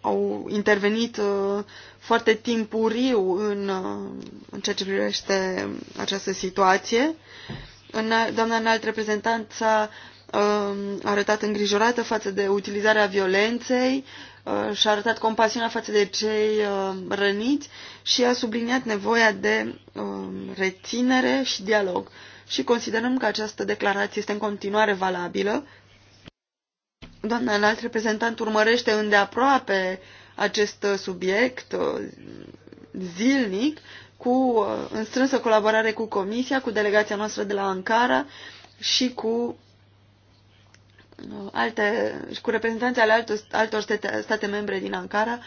au intervenit uh, foarte timpuriu în, uh, în ceea ce privește această situație. doamna înalt reprezentant s-a uh, arătat îngrijorată față de utilizarea violenței și-a arătat compasiunea față de cei răniți și a subliniat nevoia de reținere și dialog. Și considerăm că această declarație este în continuare valabilă Doamna înalt reprezentant urmărește îndeaproape acest uh, subiect uh, zilnic cu, uh, în strânsă colaborare cu Comisia, cu delegația noastră de la Ankara și cu alte, și cu reprezentanții ale altor, altor state, state membre din Ankara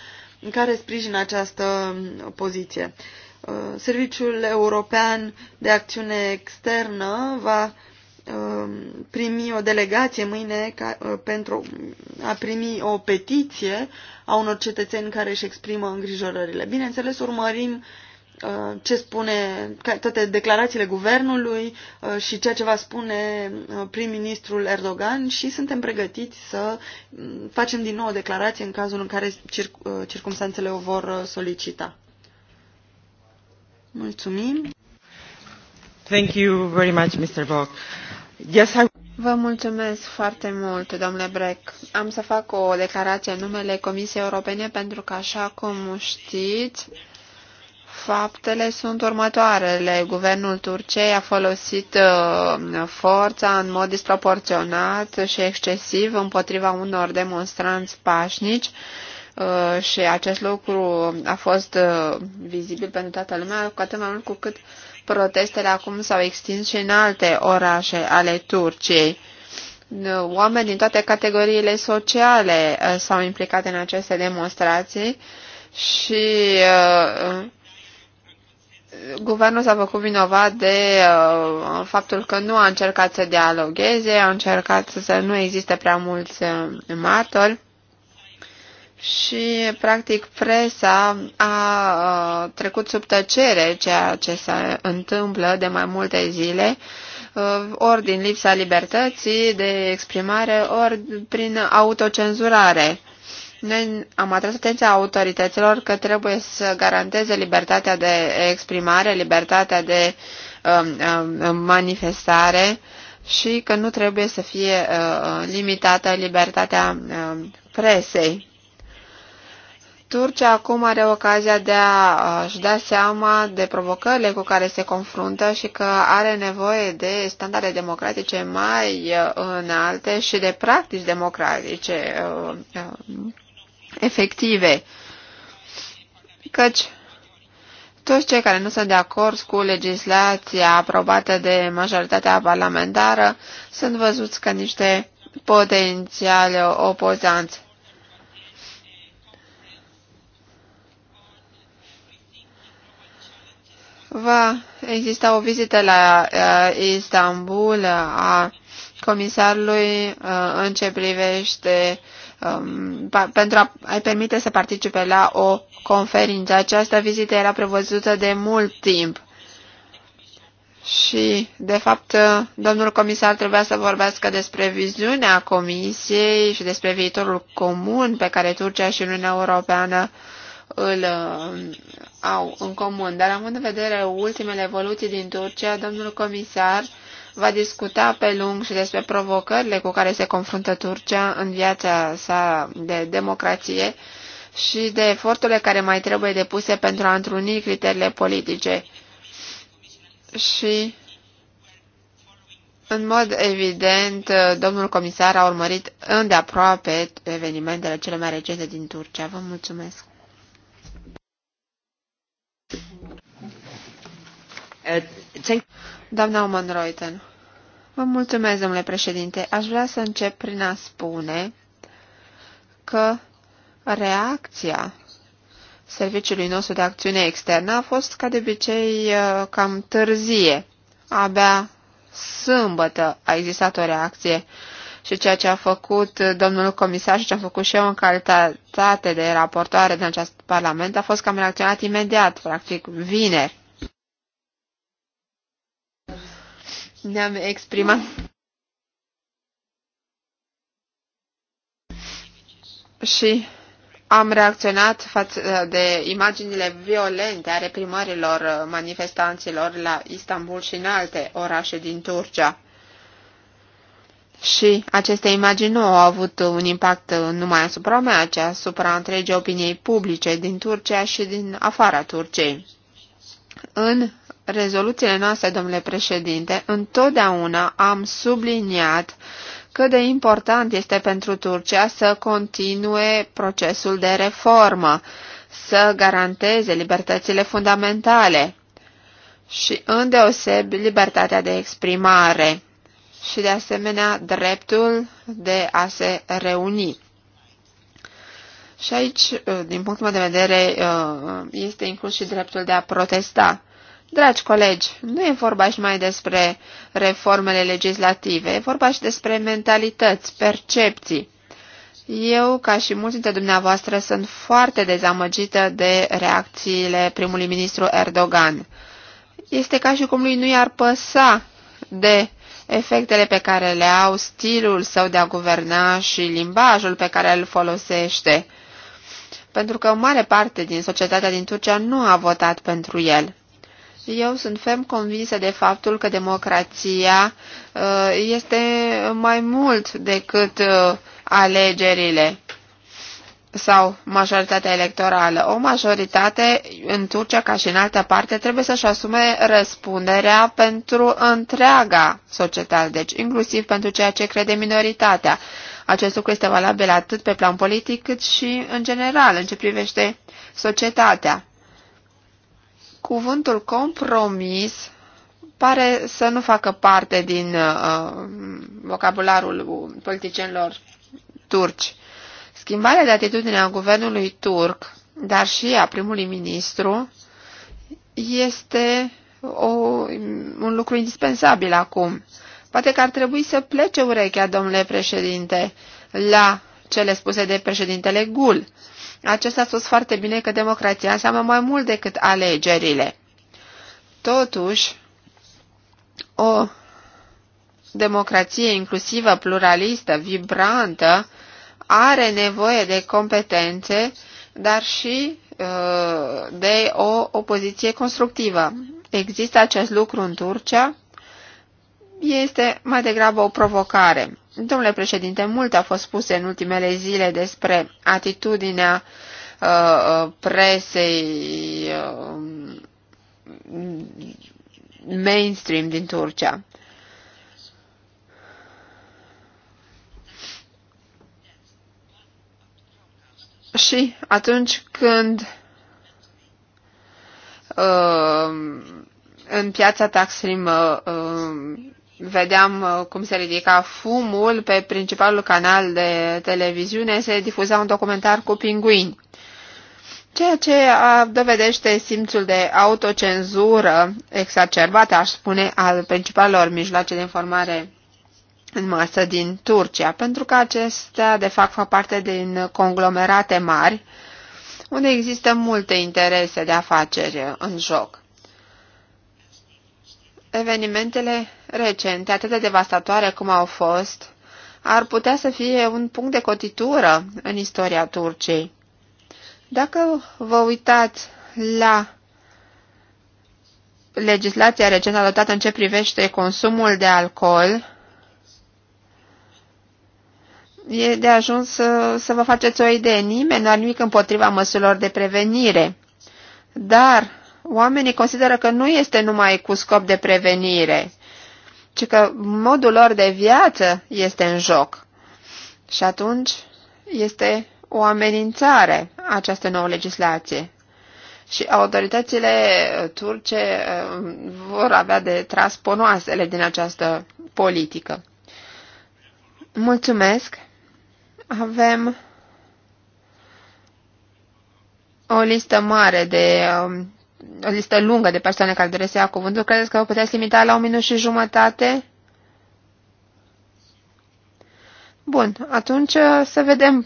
în care sprijină această um, poziție. Serviciul European de Acțiune Externă va Um, primi o delegație mâine ca, uh, pentru a primi o petiție a unor cetățeni care își exprimă îngrijorările. Bineînțeles, urmărim uh, ce spune toate declarațiile guvernului uh, și ceea ce va spune prim-ministrul Erdogan și suntem pregătiți să mm, facem din nou o declarație în cazul în care circumstanțele o vor solicita. Mulțumim. Vă mulțumesc foarte mult, domnule Breck. Am să fac o declarație în numele Comisiei Europene pentru că, așa cum știți, Faptele sunt următoarele. Guvernul Turciei a folosit uh, forța în mod disproporționat și excesiv împotriva unor demonstranți pașnici uh, și acest lucru a fost uh, vizibil pentru toată lumea, cu atât mai mult cu cât Protestele acum s-au extins și în alte orașe ale Turciei. Oameni din toate categoriile sociale uh, s-au implicat în aceste demonstrații și uh, guvernul s-a făcut vinovat de uh, faptul că nu a încercat să dialogueze, a încercat să nu existe prea mulți uh, martori și, practic, presa a trecut sub tăcere ceea ce se întâmplă de mai multe zile, ori din lipsa libertății de exprimare, ori prin autocenzurare. Noi am atras atenția autorităților că trebuie să garanteze libertatea de exprimare, libertatea de um, um, um, manifestare și că nu trebuie să fie uh, uh, limitată libertatea presei. Turcia acum are ocazia de a-și da seama de provocările cu care se confruntă și că are nevoie de standarde democratice mai înalte și de practici democratice efective. Căci toți cei care nu sunt de acord cu legislația aprobată de majoritatea parlamentară sunt văzuți ca niște potențiale opozanți. Va exista o vizită la uh, Istanbul uh, a comisarului uh, în ce privește um, pentru a-i permite să participe la o conferință. Această vizită era prevăzută de mult timp. Și, de fapt, domnul comisar trebuia să vorbească despre viziunea Comisiei și despre viitorul comun pe care Turcia și Uniunea Europeană îl uh, au în comun. Dar având în vedere ultimele evoluții din Turcia, domnul comisar va discuta pe lung și despre provocările cu care se confruntă Turcia în viața sa de democrație și de eforturile care mai trebuie depuse pentru a întruni criteriile politice. Și, în mod evident, domnul comisar a urmărit îndeaproape evenimentele cele mai recente din Turcia. Vă mulțumesc! Doamna Omanroiten, vă mulțumesc, domnule președinte. Aș vrea să încep prin a spune că reacția serviciului nostru de acțiune externă a fost, ca de obicei, cam târzie. Abia sâmbătă a existat o reacție și ceea ce a făcut uh, domnul comisar și ce am făcut și eu în calitate de raportoare din acest parlament a fost că am reacționat imediat, practic vineri. Ne-am exprimat. Și am reacționat față uh, de imaginile violente ale primărilor uh, manifestanților la Istanbul și în alte orașe din Turcia. Și aceste imagini nu au avut un impact numai asupra mea, ci asupra întregii opiniei publice din Turcia și din afara Turciei. În rezoluțiile noastre, domnule președinte, întotdeauna am subliniat cât de important este pentru Turcia să continue procesul de reformă, să garanteze libertățile fundamentale și îndeoseb libertatea de exprimare și de asemenea dreptul de a se reuni. Și aici, uh, din punctul meu de vedere, uh, este inclus și dreptul de a protesta. Dragi colegi, nu e vorba și mai despre reformele legislative, e vorba și despre mentalități, percepții. Eu, ca și mulți dintre dumneavoastră, sunt foarte dezamăgită de reacțiile primului ministru Erdogan. Este ca și cum lui nu i-ar păsa de efectele pe care le au stilul său de a guverna și limbajul pe care îl folosește, pentru că o mare parte din societatea din Turcia nu a votat pentru el. Eu sunt ferm convinsă de faptul că democrația uh, este mai mult decât uh, alegerile sau majoritatea electorală. O majoritate în Turcia, ca și în altă parte, trebuie să-și asume răspunderea pentru întreaga societate, deci inclusiv pentru ceea ce crede minoritatea. Acest lucru este valabil atât pe plan politic cât și în general, în ce privește societatea. Cuvântul compromis pare să nu facă parte din uh, vocabularul politicienilor turci. Schimbarea de atitudine a guvernului turc, dar și a primului ministru, este o, un lucru indispensabil acum. Poate că ar trebui să plece urechea, domnule președinte, la cele spuse de președintele Gul. Acesta a spus foarte bine că democrația înseamnă mai mult decât alegerile. Totuși, o democrație inclusivă, pluralistă, vibrantă, are nevoie de competențe, dar și uh, de o opoziție constructivă. Există acest lucru în Turcia? Este mai degrabă o provocare. Domnule președinte, multe a fost spuse în ultimele zile despre atitudinea uh, uh presei uh, mainstream din Turcia. Și atunci când uh, în piața Taxrim uh, uh, vedeam uh, cum se ridica fumul pe principalul canal de televiziune, se difuza un documentar cu pinguini. Ceea ce dovedește simțul de autocenzură exacerbată, aș spune, al principalelor mijloace de informare în masă din Turcia, pentru că acestea, de fapt, fac parte din conglomerate mari, unde există multe interese de afaceri în joc. Evenimentele recente, atât de devastatoare cum au fost, ar putea să fie un punct de cotitură în istoria Turciei. Dacă vă uitați la legislația recent adoptată în ce privește consumul de alcool, e de ajuns să, să vă faceți o idee. Nimeni nu are nimic împotriva măsurilor de prevenire. Dar oamenii consideră că nu este numai cu scop de prevenire, ci că modul lor de viață este în joc. Și atunci este o amenințare această nouă legislație. Și autoritățile turce uh, vor avea de tras ponoasele din această politică. Mulțumesc! avem o listă mare de um, o listă lungă de persoane care doresc să ia cuvântul. Credeți că o puteți limita la un minut și jumătate? Bun, atunci să vedem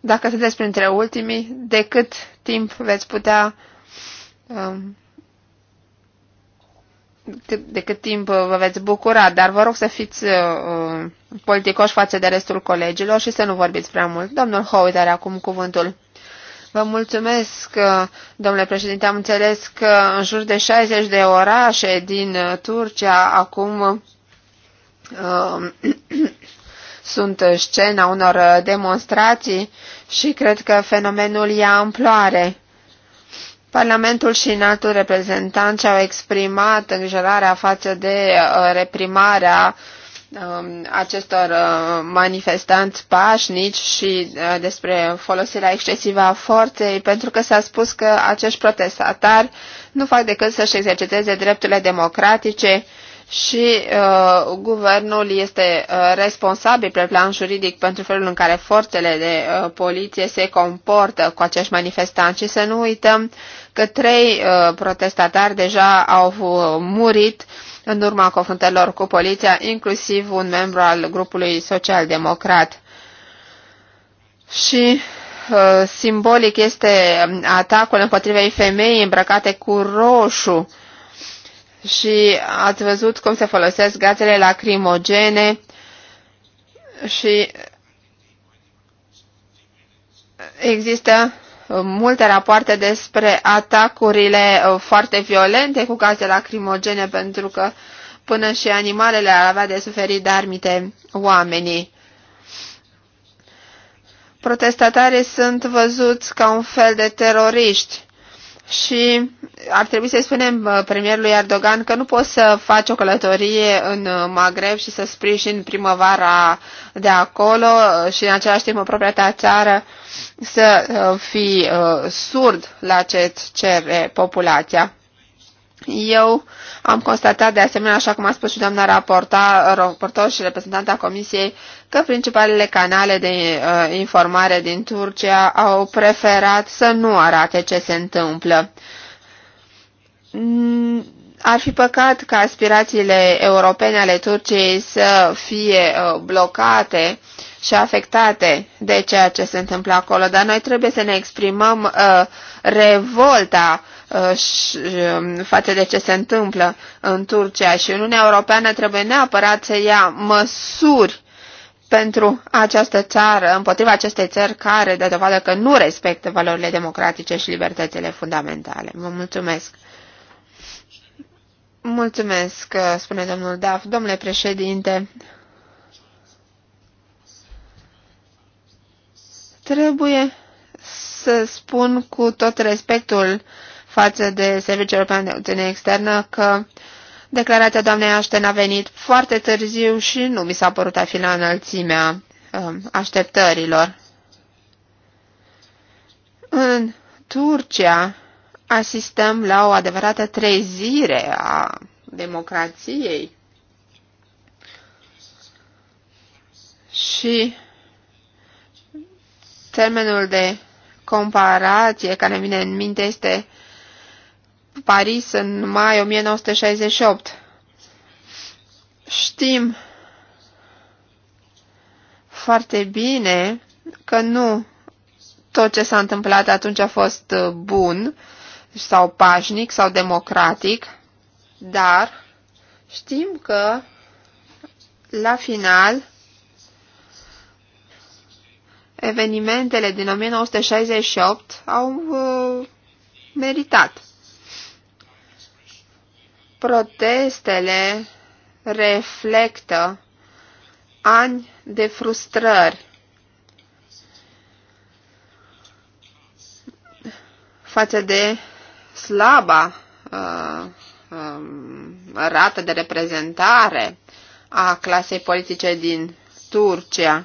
dacă sunteți printre ultimii, de cât timp veți putea um, de cât timp uh, vă veți bucura, dar vă rog să fiți uh, uh, politicoși față de restul colegilor și să nu vorbiți prea mult. Domnul Howard are acum cuvântul. Vă mulțumesc, uh, domnule președinte. Am înțeles că în jur de 60 de orașe din Turcia acum uh, sunt scena unor demonstrații și cred că fenomenul ia amploare. Parlamentul și înaltul reprezentant și-au exprimat îngrijorarea față de uh, reprimarea um, acestor uh, manifestanți pașnici și uh, despre folosirea excesivă a forței, pentru că s-a spus că acești protestatari nu fac decât să-și exerciteze drepturile democratice și uh, guvernul este uh, responsabil pe plan juridic pentru felul în care forțele de uh, poliție se comportă cu acești manifestanți. Și să nu uităm că trei uh, protestatari deja au murit în urma confruntărilor cu poliția, inclusiv un membru al grupului social-democrat. Și uh, simbolic este um, atacul împotriva femei, îmbrăcate cu roșu, uh, și ați văzut cum se folosesc gazele lacrimogene și există multe rapoarte despre atacurile uh, foarte violente cu gaze lacrimogene pentru că până și animalele ar avea de suferit de armite oamenii. Protestatarii sunt văzuți ca un fel de teroriști și ar trebui să-i spunem uh, premierului Erdogan că nu poți să faci o călătorie în uh, Maghreb și să sprijin primăvara de acolo uh, și în același timp în propria ta țară să fii surd la ce cere populația. Eu am constatat de asemenea, așa cum a spus și doamna raportor și reprezentanta Comisiei, că principalele canale de uh, informare din Turcia au preferat să nu arate ce se întâmplă. Mm, ar fi păcat ca aspirațiile europene ale Turciei să fie uh, blocate și afectate de ceea ce se întâmplă acolo, dar noi trebuie să ne exprimăm uh, revolta uh, Uh, um, față de ce se întâmplă în Turcia și Uniunea Europeană trebuie neapărat să ia măsuri pentru această țară, împotriva acestei țări care de dovadă că nu respectă valorile democratice și libertățile fundamentale. Vă mulțumesc! Mulțumesc, uh, spune domnul Daf. Domnule președinte, trebuie să spun cu tot respectul față de Serviciul European de Uțenie Externă că declarația doamnei Ashton a venit foarte târziu și nu mi s-a părut a fi la înălțimea um, așteptărilor. În Turcia asistăm la o adevărată trezire a democrației și termenul de comparație care vine în minte este Paris în mai 1968. Știm foarte bine că nu tot ce s-a întâmplat atunci a fost uh, bun sau pașnic sau democratic, dar știm că la final evenimentele din 1968 au uh, meritat protestele reflectă ani de frustrări față de slaba uh, um, rată de reprezentare a clasei politice din Turcia.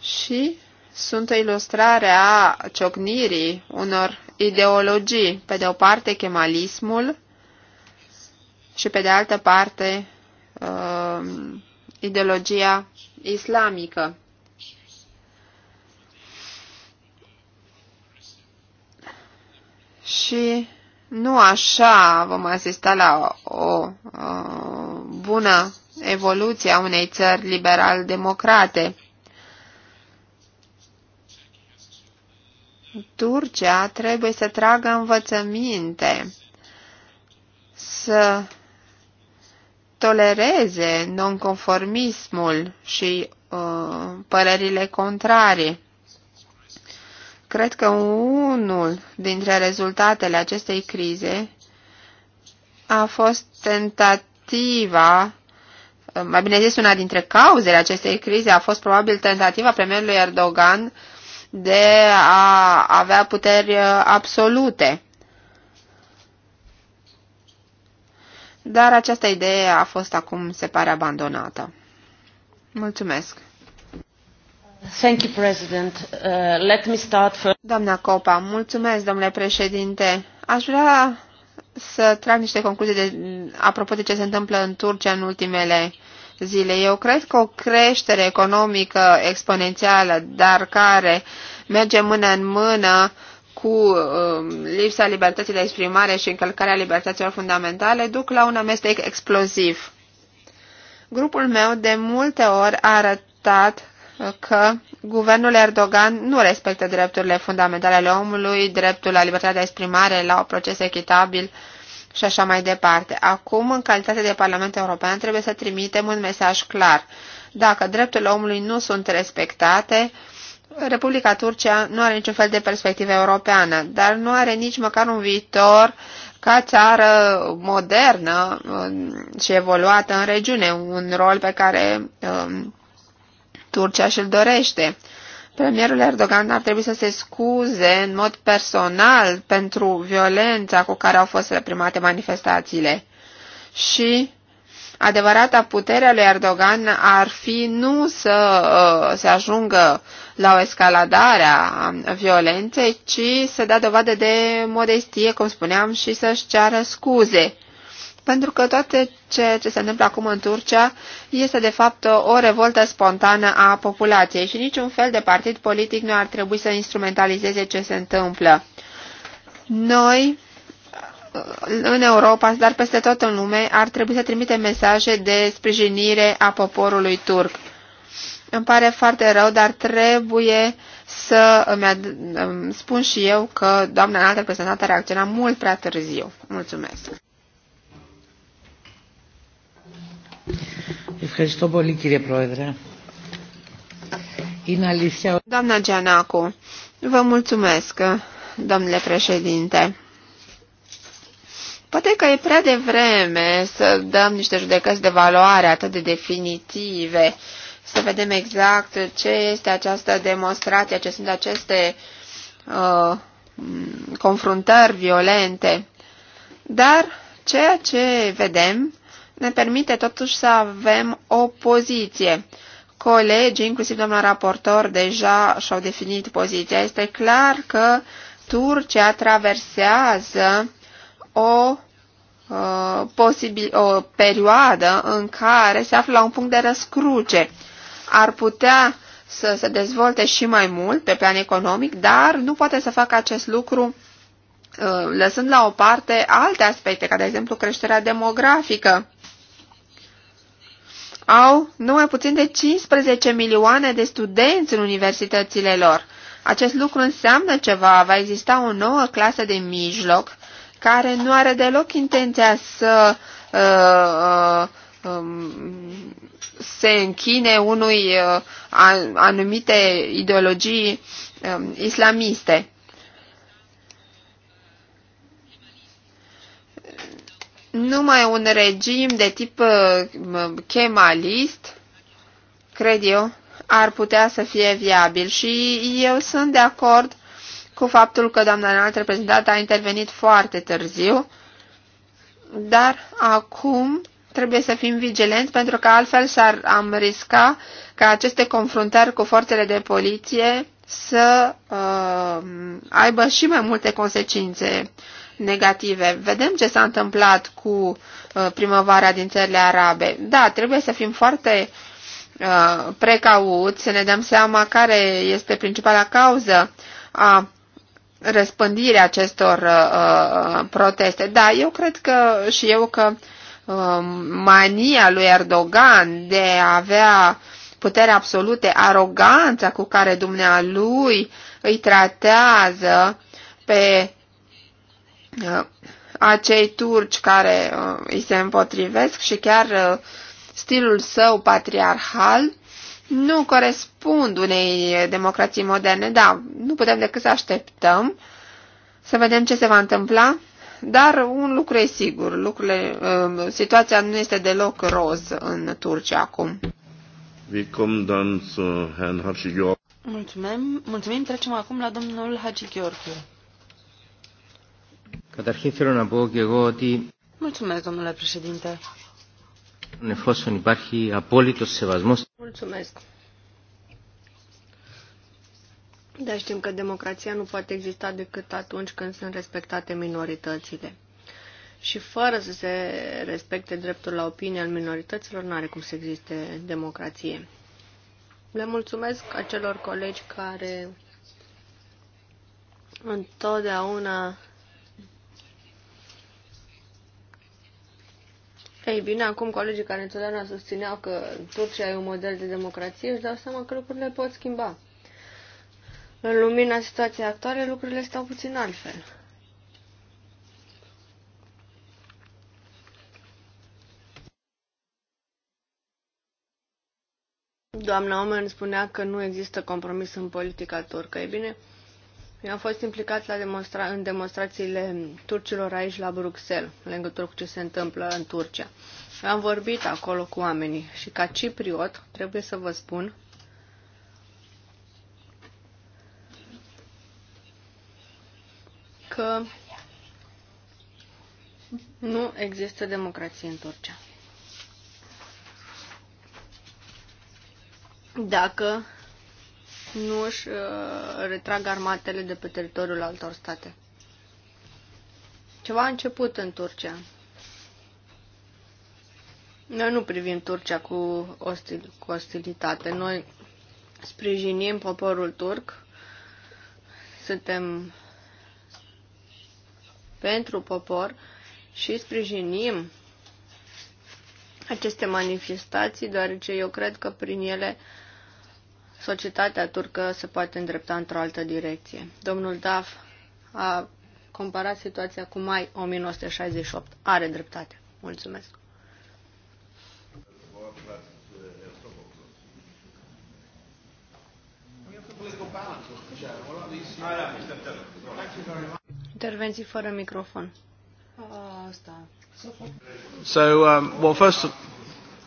Și sunt o ilustrare a ciocnirii unor ideologii. Pe de o parte, chemalismul și pe de altă parte, uh, ideologia islamică. Și nu așa vom asista la o, o uh, bună evoluție a unei țări liberal-democrate. Turcia trebuie să tragă învățăminte, să tolereze nonconformismul și uh, părerile contrarii. Cred că unul dintre rezultatele acestei crize a fost tentativa, mai bine zis, una dintre cauzele acestei crize a fost probabil tentativa premierului Erdogan de a avea puteri uh, absolute. Dar această idee a fost acum, se pare, abandonată. Mulțumesc. Thank you, President. Uh, let me start for. Doamna Copa, mulțumesc, domnule președinte. Aș vrea să trag niște concluzii de, apropo de ce se întâmplă în Turcia în ultimele zile. Eu cred că o creștere economică exponențială, dar care merge mână în mână cu um, lipsa libertății de exprimare și încălcarea libertăților fundamentale, duc la un amestec exploziv. Grupul meu de multe ori a arătat că guvernul Erdogan nu respectă drepturile fundamentale ale omului, dreptul la libertatea de exprimare, la un proces echitabil, uh, și așa mai departe. Acum, în calitate de Parlament European, trebuie să trimitem un mesaj clar. Dacă drepturile omului nu sunt respectate, Republica Turcia nu are niciun fel de perspectivă europeană, dar nu are nici măcar un viitor ca țară modernă um, și evoluată în regiune, un rol pe care um, Turcia și-l dorește. Premierul Erdogan ar trebui să se scuze în mod personal pentru violența cu care au fost reprimate manifestațiile. Și adevărata puterea lui Erdogan ar fi nu să uh, se ajungă la o escaladare a um, violenței, ci să dea dovadă de modestie, cum spuneam, și să-și ceară scuze. Pentru că toate ceea ce se întâmplă acum în Turcia este de fapt o revoltă spontană a populației și niciun fel de partid politic nu ar trebui să instrumentalizeze ce se întâmplă. Noi, în Europa, dar peste tot în lume, ar trebui să trimitem mesaje de sprijinire a poporului turc. Îmi pare foarte rău, dar trebuie să îmi, îmi spun și eu că doamna înaltă reprezentantă a reacționat mult prea târziu. Mulțumesc! Ευχαριστώ πολύ κύριε Πρόεδρε. Είναι αλήθεια... Doamna Gianacu, vă mulțumesc, domnule președinte. Poate că e prea devreme să dăm niște judecăți de valoare atât de definitive, să vedem exact ce este această demonstrație, ce sunt aceste uh, confruntări violente. Dar ceea ce vedem ne permite totuși să avem o poziție. Colegii, inclusiv domnul raportor, deja și-au definit poziția. Este clar că Turcia traversează o, uh, posibil, o perioadă în care se află la un punct de răscruce. Ar putea să se dezvolte și mai mult pe plan economic, dar nu poate să facă acest lucru uh, lăsând la o parte alte aspecte, ca de exemplu creșterea demografică au numai puțin de 15 milioane de studenți în universitățile lor. Acest lucru înseamnă ceva, va exista o nouă clasă de mijloc care nu are deloc intenția să uh, uh, um, se închine unui uh, anumite ideologii um, islamiste. numai un regim de tip uh, chemalist, cred eu, ar putea să fie viabil. Și eu sunt de acord cu faptul că doamna înalt reprezentant a intervenit foarte târziu, dar acum trebuie să fim vigilenți pentru că altfel s-ar am risca ca aceste confruntări cu forțele de poliție să uh, aibă și mai multe consecințe negative. Vedem ce s-a întâmplat cu uh, primăvara din țările arabe. Da, trebuie să fim foarte uh, precauți, să ne dăm seama care este principala cauză a răspândirii acestor uh, proteste. Da, eu cred că și eu că um, mania lui Erdogan de a avea putere absolute, aroganța cu care dumnealui îi tratează pe Uh, acei turci care uh, îi se împotrivesc și chiar uh, stilul său patriarhal nu corespund unei democrații moderne. Da, nu putem decât să așteptăm să vedem ce se va întâmpla, dar un lucru e sigur, lucrurile, situația nu este deloc roz în Turcia acum. Mulțumim, mulțumim, trecem acum la domnul Hagi Gheorghiu. Καταρχήν θέλω να πω και εγώ ότι... Mulțumesc, domnule președinte. Εφόσον υπάρχει Mulțumesc. Dar știm că democrația nu poate exista decât atunci când sunt respectate minoritățile. Și fără să se respecte dreptul la opinie al minorităților, nu are cum să existe democrație. Le mulțumesc acelor colegi care întotdeauna Ei bine, acum colegii care întotdeauna susțineau că Turcia e un model de democrație își dau seama că lucrurile pot schimba. În lumina situației actuale, lucrurile stau puțin altfel. Doamna Omen spunea că nu există compromis în politica turcă. Ei bine, eu am fost implicat la demonstra- în demonstrațiile turcilor aici la Bruxelles, în legătură cu ce se întâmplă în Turcia. Eu am vorbit acolo cu oamenii și ca cipriot trebuie să vă spun că nu există democrație în Turcia. Dacă nu își uh, retrag armatele de pe teritoriul altor state. Ceva a început în Turcia. Noi nu privim Turcia cu, ostil, cu ostilitate. Noi sprijinim poporul turc. Suntem pentru popor și sprijinim aceste manifestații, deoarece eu cred că prin ele uh, societatea turcă se poate îndrepta într-o altă direcție. Domnul Daf a comparat situația cu mai 1968. Are dreptate. Mulțumesc. Intervenții fără microfon. Asta. So, um, well, first,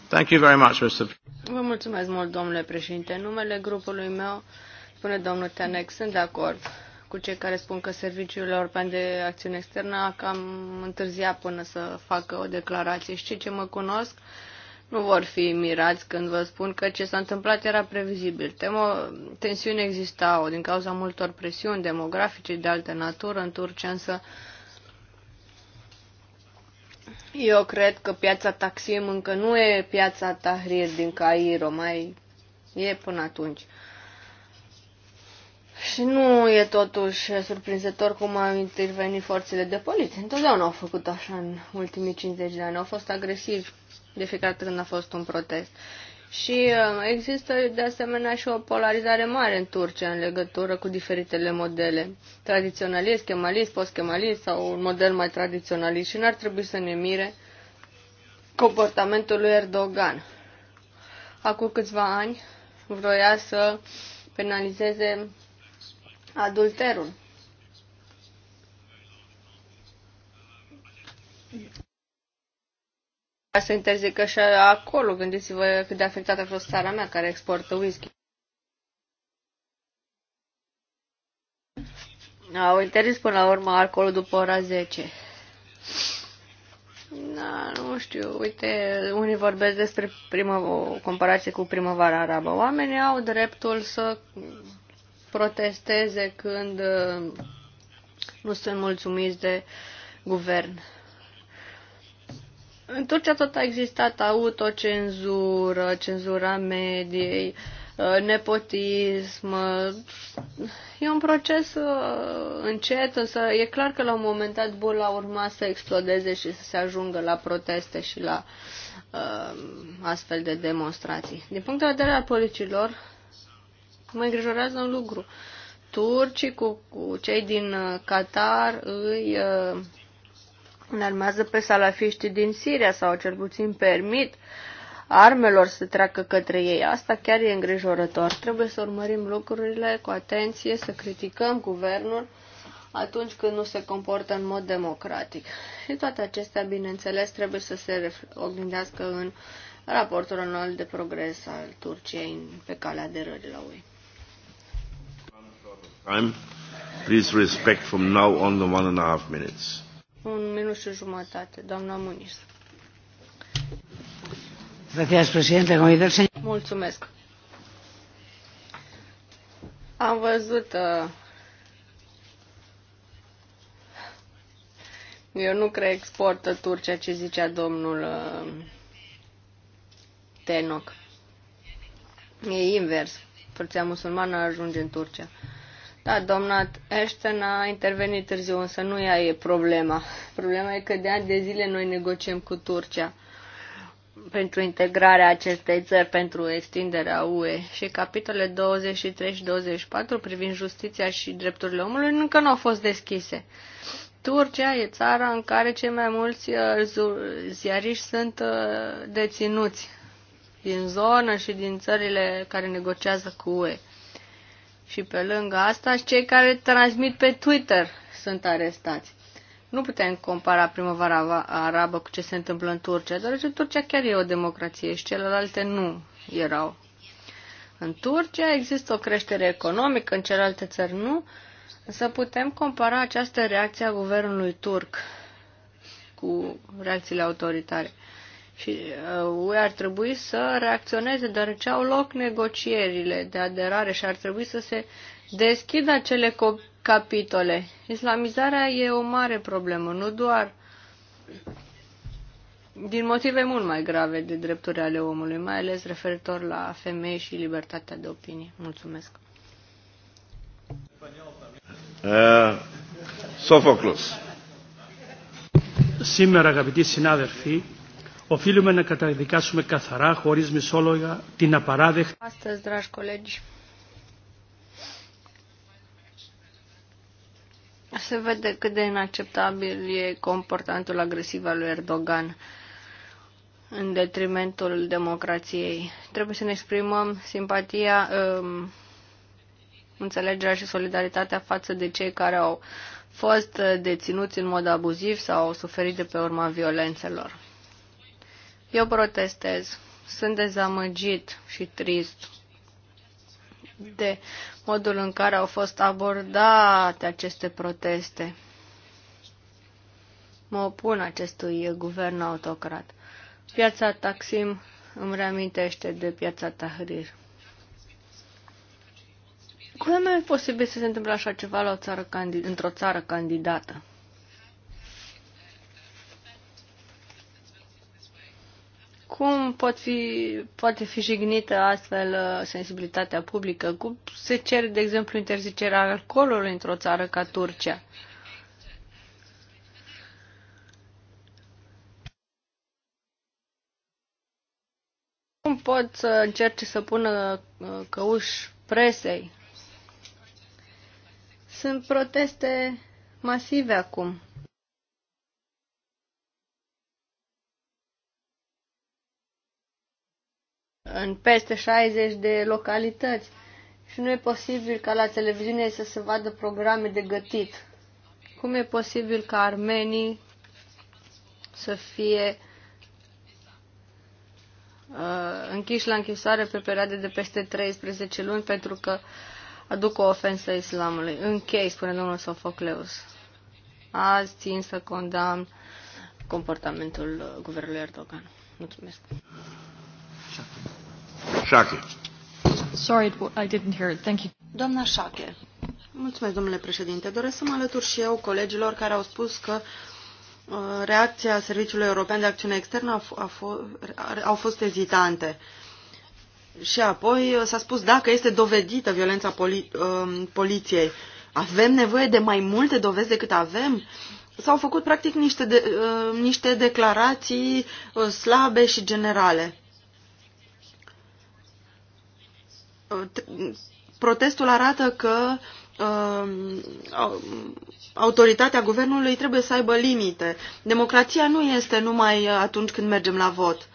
thank you very much, Mr. Vă mulțumesc mult, domnule președinte. În numele grupului meu, spune domnul Tenec, sunt de acord cu cei care spun că Serviciul European de Acțiune Externă a cam întârziat până să facă o declarație. Și cei ce mă cunosc nu vor fi mirați când vă spun că ce s-a întâmplat era previzibil. Temo, tensiuni existau din cauza multor presiuni demografice de altă natură în Turcia, însă eu cred că piața Taksim încă nu e piața Tahrir din Cairo, mai e până atunci. Și nu e totuși surprinzător cum au intervenit forțele de poliție. Întotdeauna au făcut așa în ultimii 50 de ani. Au fost agresivi de fiecare dată când a fost un protest. Și uh, există de asemenea și o polarizare mare în Turcia în legătură cu diferitele modele. Tradiționalist, chemalist, post-chemalist sau un model mai tradiționalist. Și n-ar trebui să ne mire comportamentul lui Erdogan. Acum câțiva ani vroia să penalizeze adulterul. să interzică și acolo. Gândiți-vă cât de afectată a fost țara mea care exportă whisky. Au interzis până la urmă alcoolul după ora 10. Na, da, nu știu, uite, unii vorbesc despre primă, o comparație cu primăvara arabă. Oamenii au dreptul să protesteze când uh, nu sunt mulțumiți de guvern. În Turcia tot a existat autocenzură, cenzura mediei, uh, nepotism. E un proces uh, încet, însă e clar că la un moment dat bula urma să explodeze și să se ajungă la proteste și la uh, astfel de demonstrații. Din punct de vedere al policilor, mă îngrijorează un lucru. Turcii cu, cu cei din uh, Qatar îi uh, înarmează pe salafiștii din Siria sau cel puțin permit armelor să treacă către ei. Asta chiar e îngrijorător. Trebuie să urmărim lucrurile cu atenție, să criticăm guvernul atunci când nu se comportă în mod democratic. Și toate acestea, bineînțeles, trebuie să se oglindească în raportul anual de progres al Turciei pe calea de UE. Please respect from now on the one and a half minutes. Un minut și jumătate, doamna Muniz. Mulțumesc. Am văzut uh, Eu nu cred exportă Turcia ce zicea domnul uh, Tenoc. E invers. Turcia musulmană ajunge în Turcia. Da, doamna Ashton a intervenit târziu, însă nu ea e problema. Problema e că de ani de zile noi negociem cu Turcia pentru integrarea acestei țări, pentru extinderea UE și capitolele 23 și 24 privind justiția și drepturile omului încă nu au fost deschise. Turcia e țara în care cei mai mulți uh, ziariști sunt uh, deținuți din zonă și din țările care negociază cu UE. Și pe lângă asta, cei care transmit pe Twitter sunt arestați. Nu putem compara primăvara arabă cu ce se întâmplă în Turcia, deoarece Turcia chiar e o democrație și celelalte nu erau. În Turcia există o creștere economică, în celelalte țări nu, însă putem compara această reacție a guvernului turc cu reacțiile autoritare. Și uh, UE ar trebui să reacționeze, deoarece au loc negocierile de aderare și ar trebui să se deschidă acele capitole. Islamizarea e o mare problemă, nu doar din motive mult mai grave de drepturi ale omului, mai ales referitor la femei și libertatea de opinie. Mulțumesc. Uh, Sofoclus. Σήμερα, αγαπητοί συνάδελφοι, Οφείλουμε να καταδικάσουμε καθαρά, χωρίς μισόλογα, την απαράδεκτη... Astăzi, dragi colegi, se vede cât de inacceptabil e comportamentul agresiv al lui Erdogan în detrimentul democrației. Trebuie să ne exprimăm simpatia, um, înțelegerea și solidaritatea față de cei care au fost deținuți în mod abuziv sau au suferit de pe urma violențelor. Eu protestez. Sunt dezamăgit și trist de modul în care au fost abordate aceste proteste. Mă opun acestui guvern autocrat. Piața Taksim îmi reamintește de piața Tahrir. Cum e posibil să se întâmple așa ceva la o țară într-o țară candidată? cum pot fi, poate fi jignită astfel uh, sensibilitatea publică? Cum se cere, de exemplu, interzicerea alcoolului într-o țară ca Turcia? Cum pot să încerce să pună uh, căuș presei? Sunt proteste masive acum în peste 60 de localități și nu e posibil ca la televiziune să se vadă programe de gătit. Cum e posibil ca armenii să fie uh, închiși la închisoare pe perioade de peste 13 luni pentru că aduc o ofensă islamului. Închei, spune domnul Sofocleus. Azi țin să condamn comportamentul guvernului Erdogan. Mulțumesc. Șache. Sorry, I didn't hear it. Thank you. Doamna Șache. Mulțumesc, domnule președinte. Doresc să mă alătur și eu colegilor care au spus că uh, reacția Serviciului European de Acțiune Externă a, a au fost ezitante. Și apoi uh, s-a spus dacă este dovedită violența poli, uh, poliției. Avem nevoie de mai multe dovezi decât avem? S-au făcut practic niște, de, niște declarații slabe și generale. protestul arată că uh, autoritatea guvernului trebuie să aibă limite. Democrația nu este numai atunci când mergem la vot.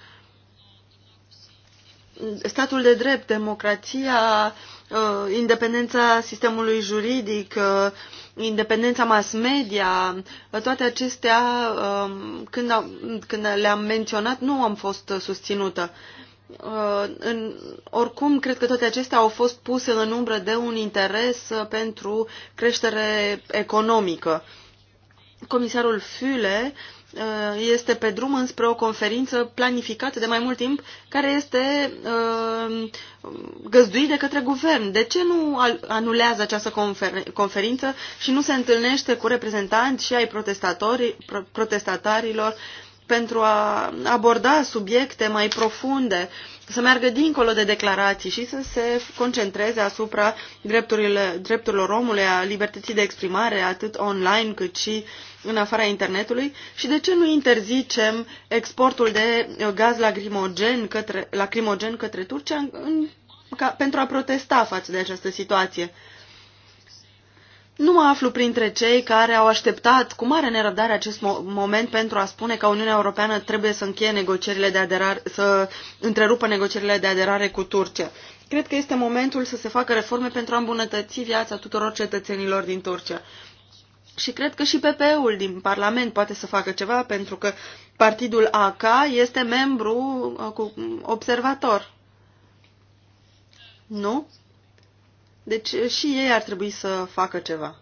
Statul de drept, democrația, uh, independența sistemului juridic, uh, independența mass media, toate acestea, când, le-am menționat, nu am fost susținută. Uh, în, oricum, cred că toate acestea au fost puse în umbră de un interes uh, pentru creștere economică. Comisarul Füle uh, este pe drum înspre o conferință planificată de mai mult timp, care este găzduit de către guvern. De ce nu anulează această conferință și nu se întâlnește cu reprezentanți și ai protestatorilor pentru a aborda subiecte mai profunde, să meargă dincolo de declarații și să se concentreze asupra drepturilor omului, a libertății de exprimare, atât online cât și în afara internetului și de ce nu interzicem exportul de gaz lacrimogen către, lacrimogen către Turcia în, ca, pentru a protesta față de această situație. Nu mă aflu printre cei care au așteptat cu mare nerăbdare acest moment pentru a spune că Uniunea Europeană trebuie să încheie negocierile de aderare, să întrerupă negocierile de aderare cu Turcia. Cred că este momentul să se facă reforme pentru a îmbunătăți viața tuturor cetățenilor din Turcia. Și cred că și PPE-ul din Parlament poate să facă ceva, pentru că partidul AK este membru uh, cu observator. Nu? Deci eh, și ei ar trebui să facă ceva.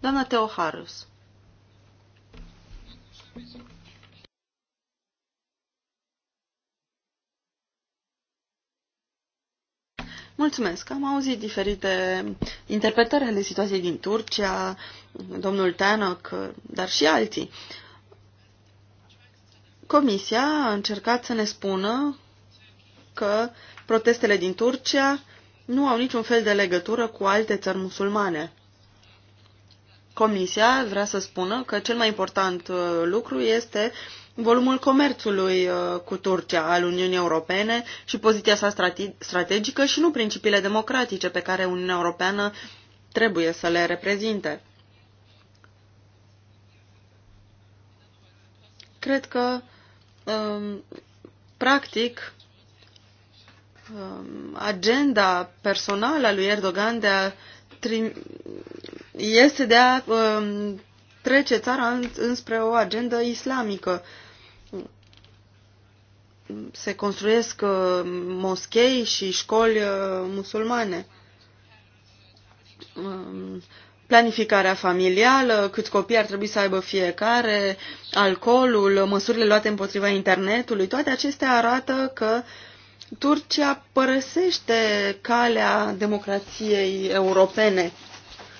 Doamna Teoharus. Mulțumesc. Am auzit diferite interpretări ale situației din Turcia, domnul Tanăc, dar și alții. Comisia a încercat să ne spună că protestele din Turcia nu au niciun fel de legătură cu alte țări musulmane. Comisia vrea să spună că cel mai important uh, lucru este volumul comerțului uh, cu Turcia al Uniunii Europene și poziția sa strategică și nu principiile democratice pe care Uniunea Europeană trebuie să le reprezinte. Cred că Um, practic, um, agenda personală a lui Erdogan de a este de a um, trece țara înspre o agendă islamică. Se construiesc uh, moschei și școli uh, musulmane planificarea familială, cât copii ar trebui să aibă fiecare, alcoolul, măsurile luate împotriva internetului, toate acestea arată că Turcia părăsește calea democrației europene.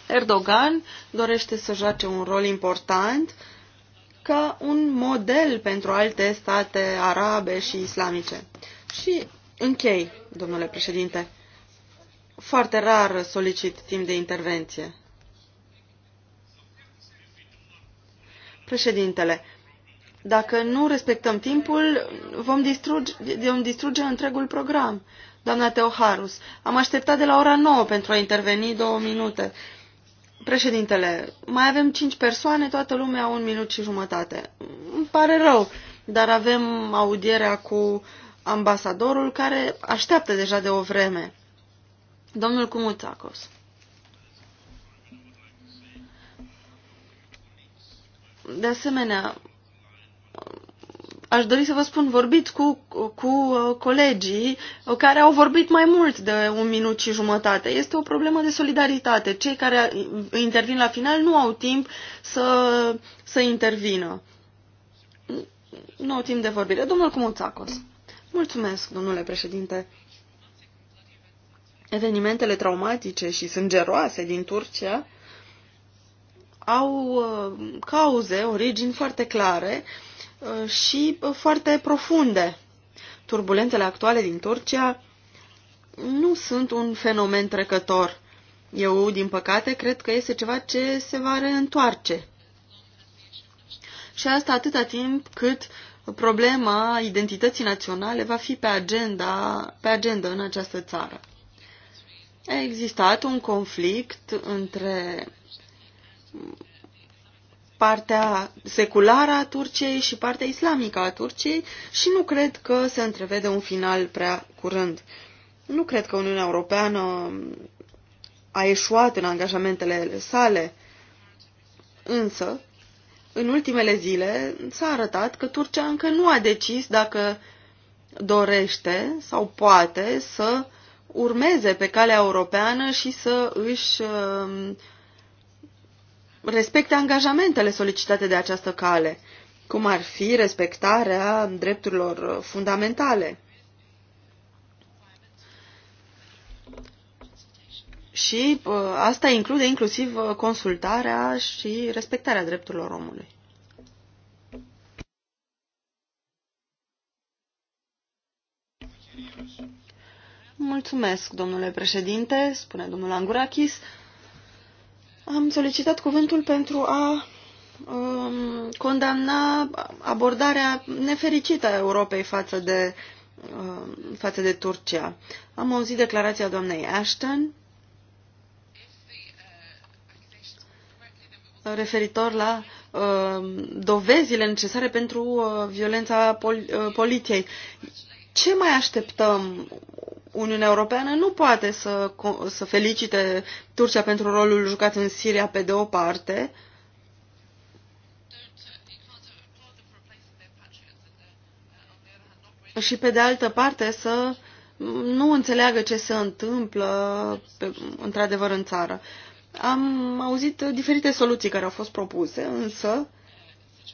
Erdogan dorește să joace un rol important ca un model pentru alte state arabe și islamice. Și închei, domnule președinte. Foarte rar solicit timp de intervenție. Președintele, dacă nu respectăm timpul, vom distruge, vom distruge întregul program. Doamna Teoharus, am așteptat de la ora 9 pentru a interveni două minute. Președintele, mai avem cinci persoane, toată lumea un minut și jumătate. Îmi pare rău, dar avem audierea cu ambasadorul care așteaptă deja de o vreme. Domnul Cumuțacos. De asemenea, aș dori să vă spun, vorbiți cu, cu uh, colegii uh, care au vorbit mai mult de un minut și jumătate. Este o problemă de solidaritate. Cei care intervin la final nu au timp să, să intervină. Nu au timp de vorbire. Domnul Cumuțacos. Mulțumesc, domnule președinte. Evenimentele traumatice și sângeroase din Turcia au uh, cauze, origini foarte clare uh, și uh, foarte profunde. Turbulențele actuale din Turcia nu sunt un fenomen trecător. Eu, din păcate, cred că este ceva ce se va reîntoarce. Și asta atâta timp cât problema identității naționale va fi pe agenda, pe agenda în această țară. A existat un conflict între partea seculară a Turciei și partea islamică a Turciei și nu cred că se întrevede un final prea curând. Nu cred că Uniunea Europeană a eșuat în angajamentele sale, însă în ultimele zile s-a arătat că Turcia încă nu a decis dacă dorește sau poate să urmeze pe calea europeană și să își um, respecte angajamentele solicitate de această cale, cum ar fi respectarea drepturilor fundamentale. Și uh, asta include inclusiv uh, consultarea și respectarea drepturilor omului. Mulțumesc, domnule președinte, spune domnul Angurakis. Am solicitat cuvântul pentru a um, condamna abordarea nefericită a Europei față de, um, față de Turcia. Am auzit declarația doamnei Ashton referitor la um, dovezile necesare pentru uh, violența pol- uh, poliției. Ce mai așteptăm? Uniunea Europeană nu poate să, să felicite Turcia pentru rolul jucat în Siria pe de o parte, și pe de altă parte să nu înțeleagă ce se întâmplă într-adevăr în țară. Am auzit diferite soluții care au fost propuse, însă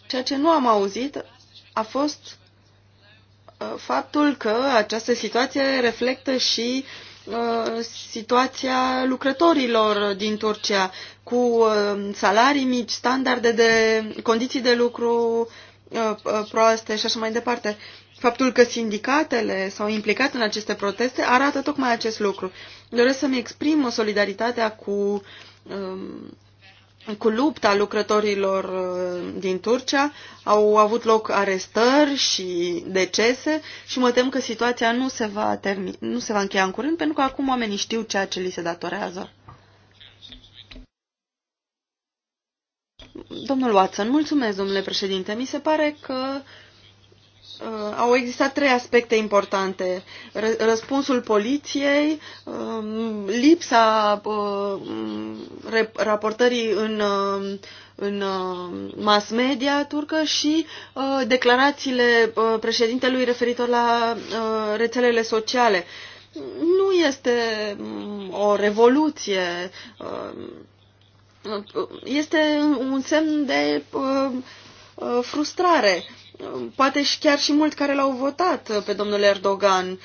ceea ce nu am auzit a fost Uh, faptul că această situație reflectă și uh, situația lucrătorilor din Turcia cu uh, salarii mici, standarde de condiții de lucru proaste și așa mai departe. Faptul că sindicatele s-au implicat în aceste proteste arată tocmai acest lucru. Doresc să-mi exprim o solidaritatea cu um, cu lupta lucrătorilor uh, din Turcia au avut loc arestări și decese și mă tem că situația nu se va, termi- nu se va încheia în curând pentru că acum oamenii știu ceea ce li se datorează. Domnul Watson, mulțumesc, domnule președinte. Mi se pare că uh, Uh, au existat trei aspecte importante. răspunsul poliției, um, lipsa uh, raportării în, um, în um, mass media turcă și uh, declarațiile președintelui referitor la rețelele sociale. Nu este mm, o revoluție. este un semn de Uh, frustrare. Uh, poate și chiar și mulți care l-au votat uh, pe domnul Erdogan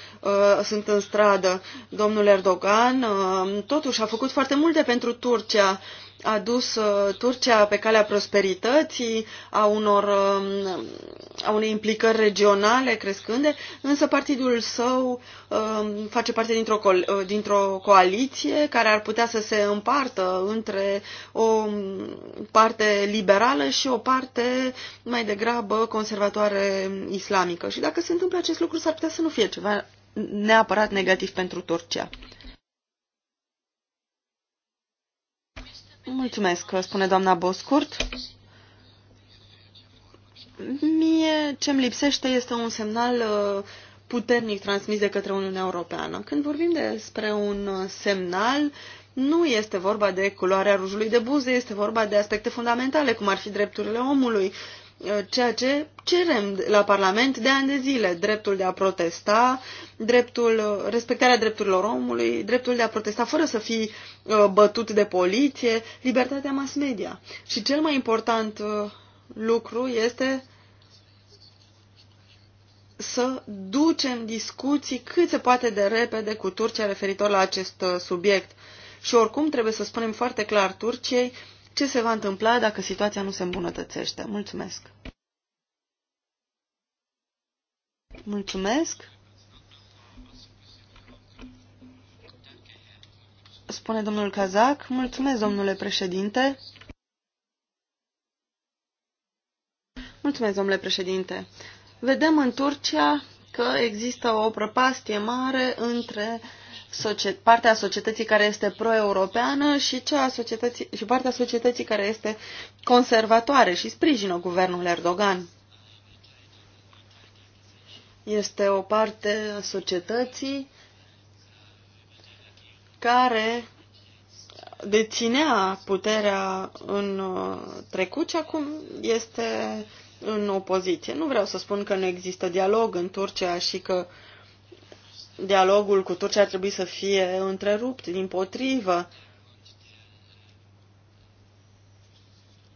sunt în stradă. Domnul Erdogan totuși a făcut foarte multe pentru Turcia a dus uh, Turcia pe calea prosperității, a, unor, um, a unei implicări regionale crescânde, însă partidul său um, face parte dintr-o, uh, dintr-o coaliție care ar putea să se împartă între o um, parte liberală și o parte mai degrabă conservatoare islamică. Și dacă se întâmplă acest lucru, s-ar putea să nu fie ceva neapărat negativ pentru Turcia. Mulțumesc, spune doamna Boscurt. Mie ce-mi lipsește este un semnal uh, puternic transmis de către Uniunea Europeană. Când vorbim despre un uh, semnal, nu este vorba de culoarea rujului de buze, este vorba de aspecte fundamentale, cum ar fi drepturile omului ceea ce cerem la Parlament de ani de zile, dreptul de a protesta, dreptul, respectarea drepturilor omului, dreptul de a protesta fără să fii uh, bătut de poliție, libertatea mass media. Și cel mai important uh, lucru este să ducem discuții cât se poate de repede cu Turcia referitor la acest uh, subiect. Și oricum trebuie să spunem foarte clar Turciei ce se va întâmpla dacă situația nu se îmbunătățește. Mulțumesc! Mulțumesc! Spune domnul Cazac. Mulțumesc, domnule președinte. Mulțumesc, domnule președinte. Vedem în Turcia că există o prăpastie mare între uh, partea societății care este pro-europeană și, cea societății, și partea societății care este conservatoare și sprijină guvernul Erdogan. Este o parte a societății care deținea puterea în uh, trecut și acum este în opoziție. Nu vreau să spun că nu există dialog în Turcia și că uh, dialogul cu Turcia ar trebui să fie întrerupt, din potrivă,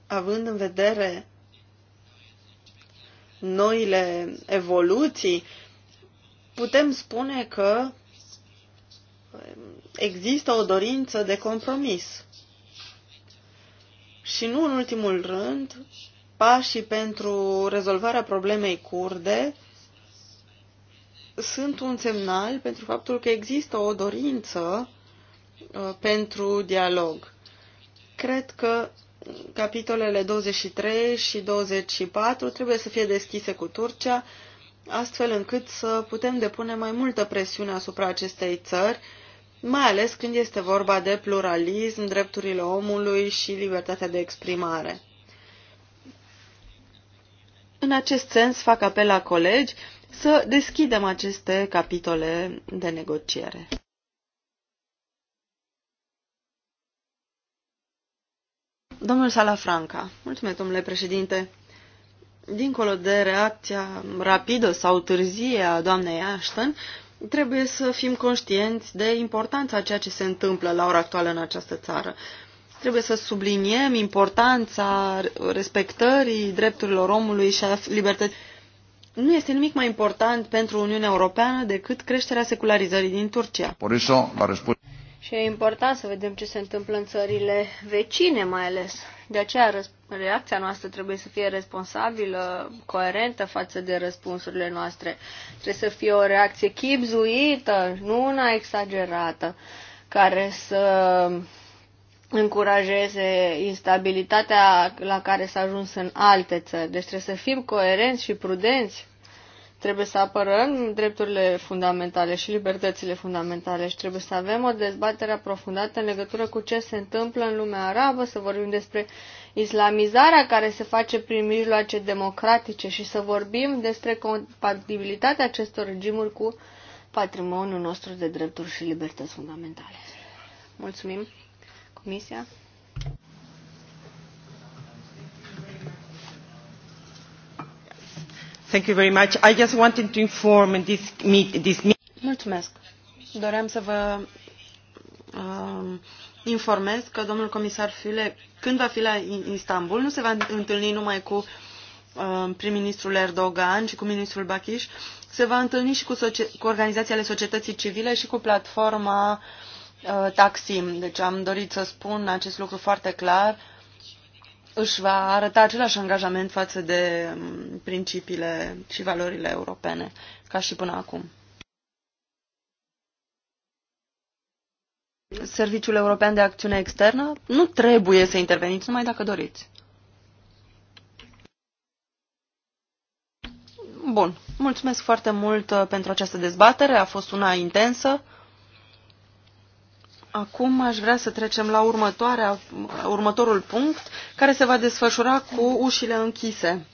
având în vedere noile evoluții, putem spune că există o dorință de compromis. Și nu în ultimul rând, pașii pentru rezolvarea problemei curde sunt un semnal pentru faptul că există o dorință uh, pentru dialog. Cred că capitolele 23 și 24 trebuie să fie deschise cu Turcia, astfel încât să putem depune mai multă presiune asupra acestei țări, mai ales când este vorba de pluralism, drepturile omului și libertatea de exprimare. În acest sens fac apel la colegi să deschidem aceste capitole de negociere. Domnul Salafranca. Mulțumesc, domnule președinte. Dincolo de reacția rapidă sau târzie a doamnei Ashton, trebuie să fim conștienți de importanța ceea ce se întâmplă la ora actuală în această țară. Trebuie să subliniem importanța respectării drepturilor omului și a libertății. Nu este nimic mai important pentru Uniunea Europeană decât creșterea secularizării din Turcia. Por eso, la și e important să vedem ce se întâmplă în țările vecine mai ales. De aceea reacția noastră trebuie să fie responsabilă, coerentă față de răspunsurile noastre. Trebuie să fie o reacție chipzuită, nu una exagerată, care să încurajeze instabilitatea la care s-a ajuns în alte țări. Deci trebuie să fim coerenți și prudenți. Trebuie să apărăm drepturile fundamentale și libertățile fundamentale și trebuie să avem o dezbatere aprofundată în legătură cu ce se întâmplă în lumea arabă, să vorbim despre islamizarea care se face prin mijloace democratice și să vorbim despre compatibilitatea acestor regimuri cu patrimoniul nostru de drepturi și libertăți fundamentale. Mulțumim! Comisia? Thank you very much. I just wanted to inform in this meet, this meet. Mulțumesc. Doream să vă um, informez că domnul comisar Fule, când va fi la Istanbul, nu se va întâlni numai cu um, prim-ministrul Erdogan și cu ministrul Bakish, se va întâlni și cu, cu organizațiile societății civile și cu platforma uh, Uh, Taxim. Deci am dorit să spun acest lucru foarte clar. Își va arăta același angajament față de um, principiile și valorile europene, ca și până acum. Serviciul European de Acțiune Externă, nu trebuie să interveniți numai dacă doriți. Bun. Mulțumesc foarte mult uh, pentru această dezbatere. A fost una intensă. Acum aș vrea să trecem la următoarea, următorul punct, care se va desfășura cu ușile închise.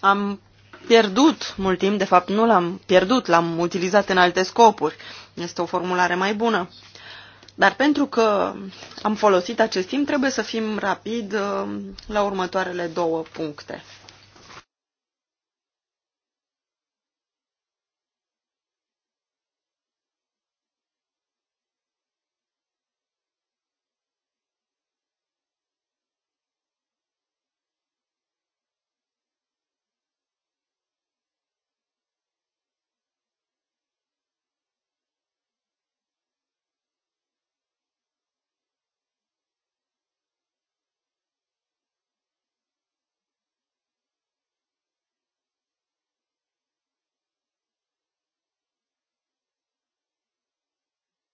Am pierdut mult timp, de fapt nu l-am pierdut, l-am utilizat în alte scopuri. Este o formulare mai bună. Dar pentru că am folosit acest timp, trebuie să fim rapid uh, la următoarele două puncte.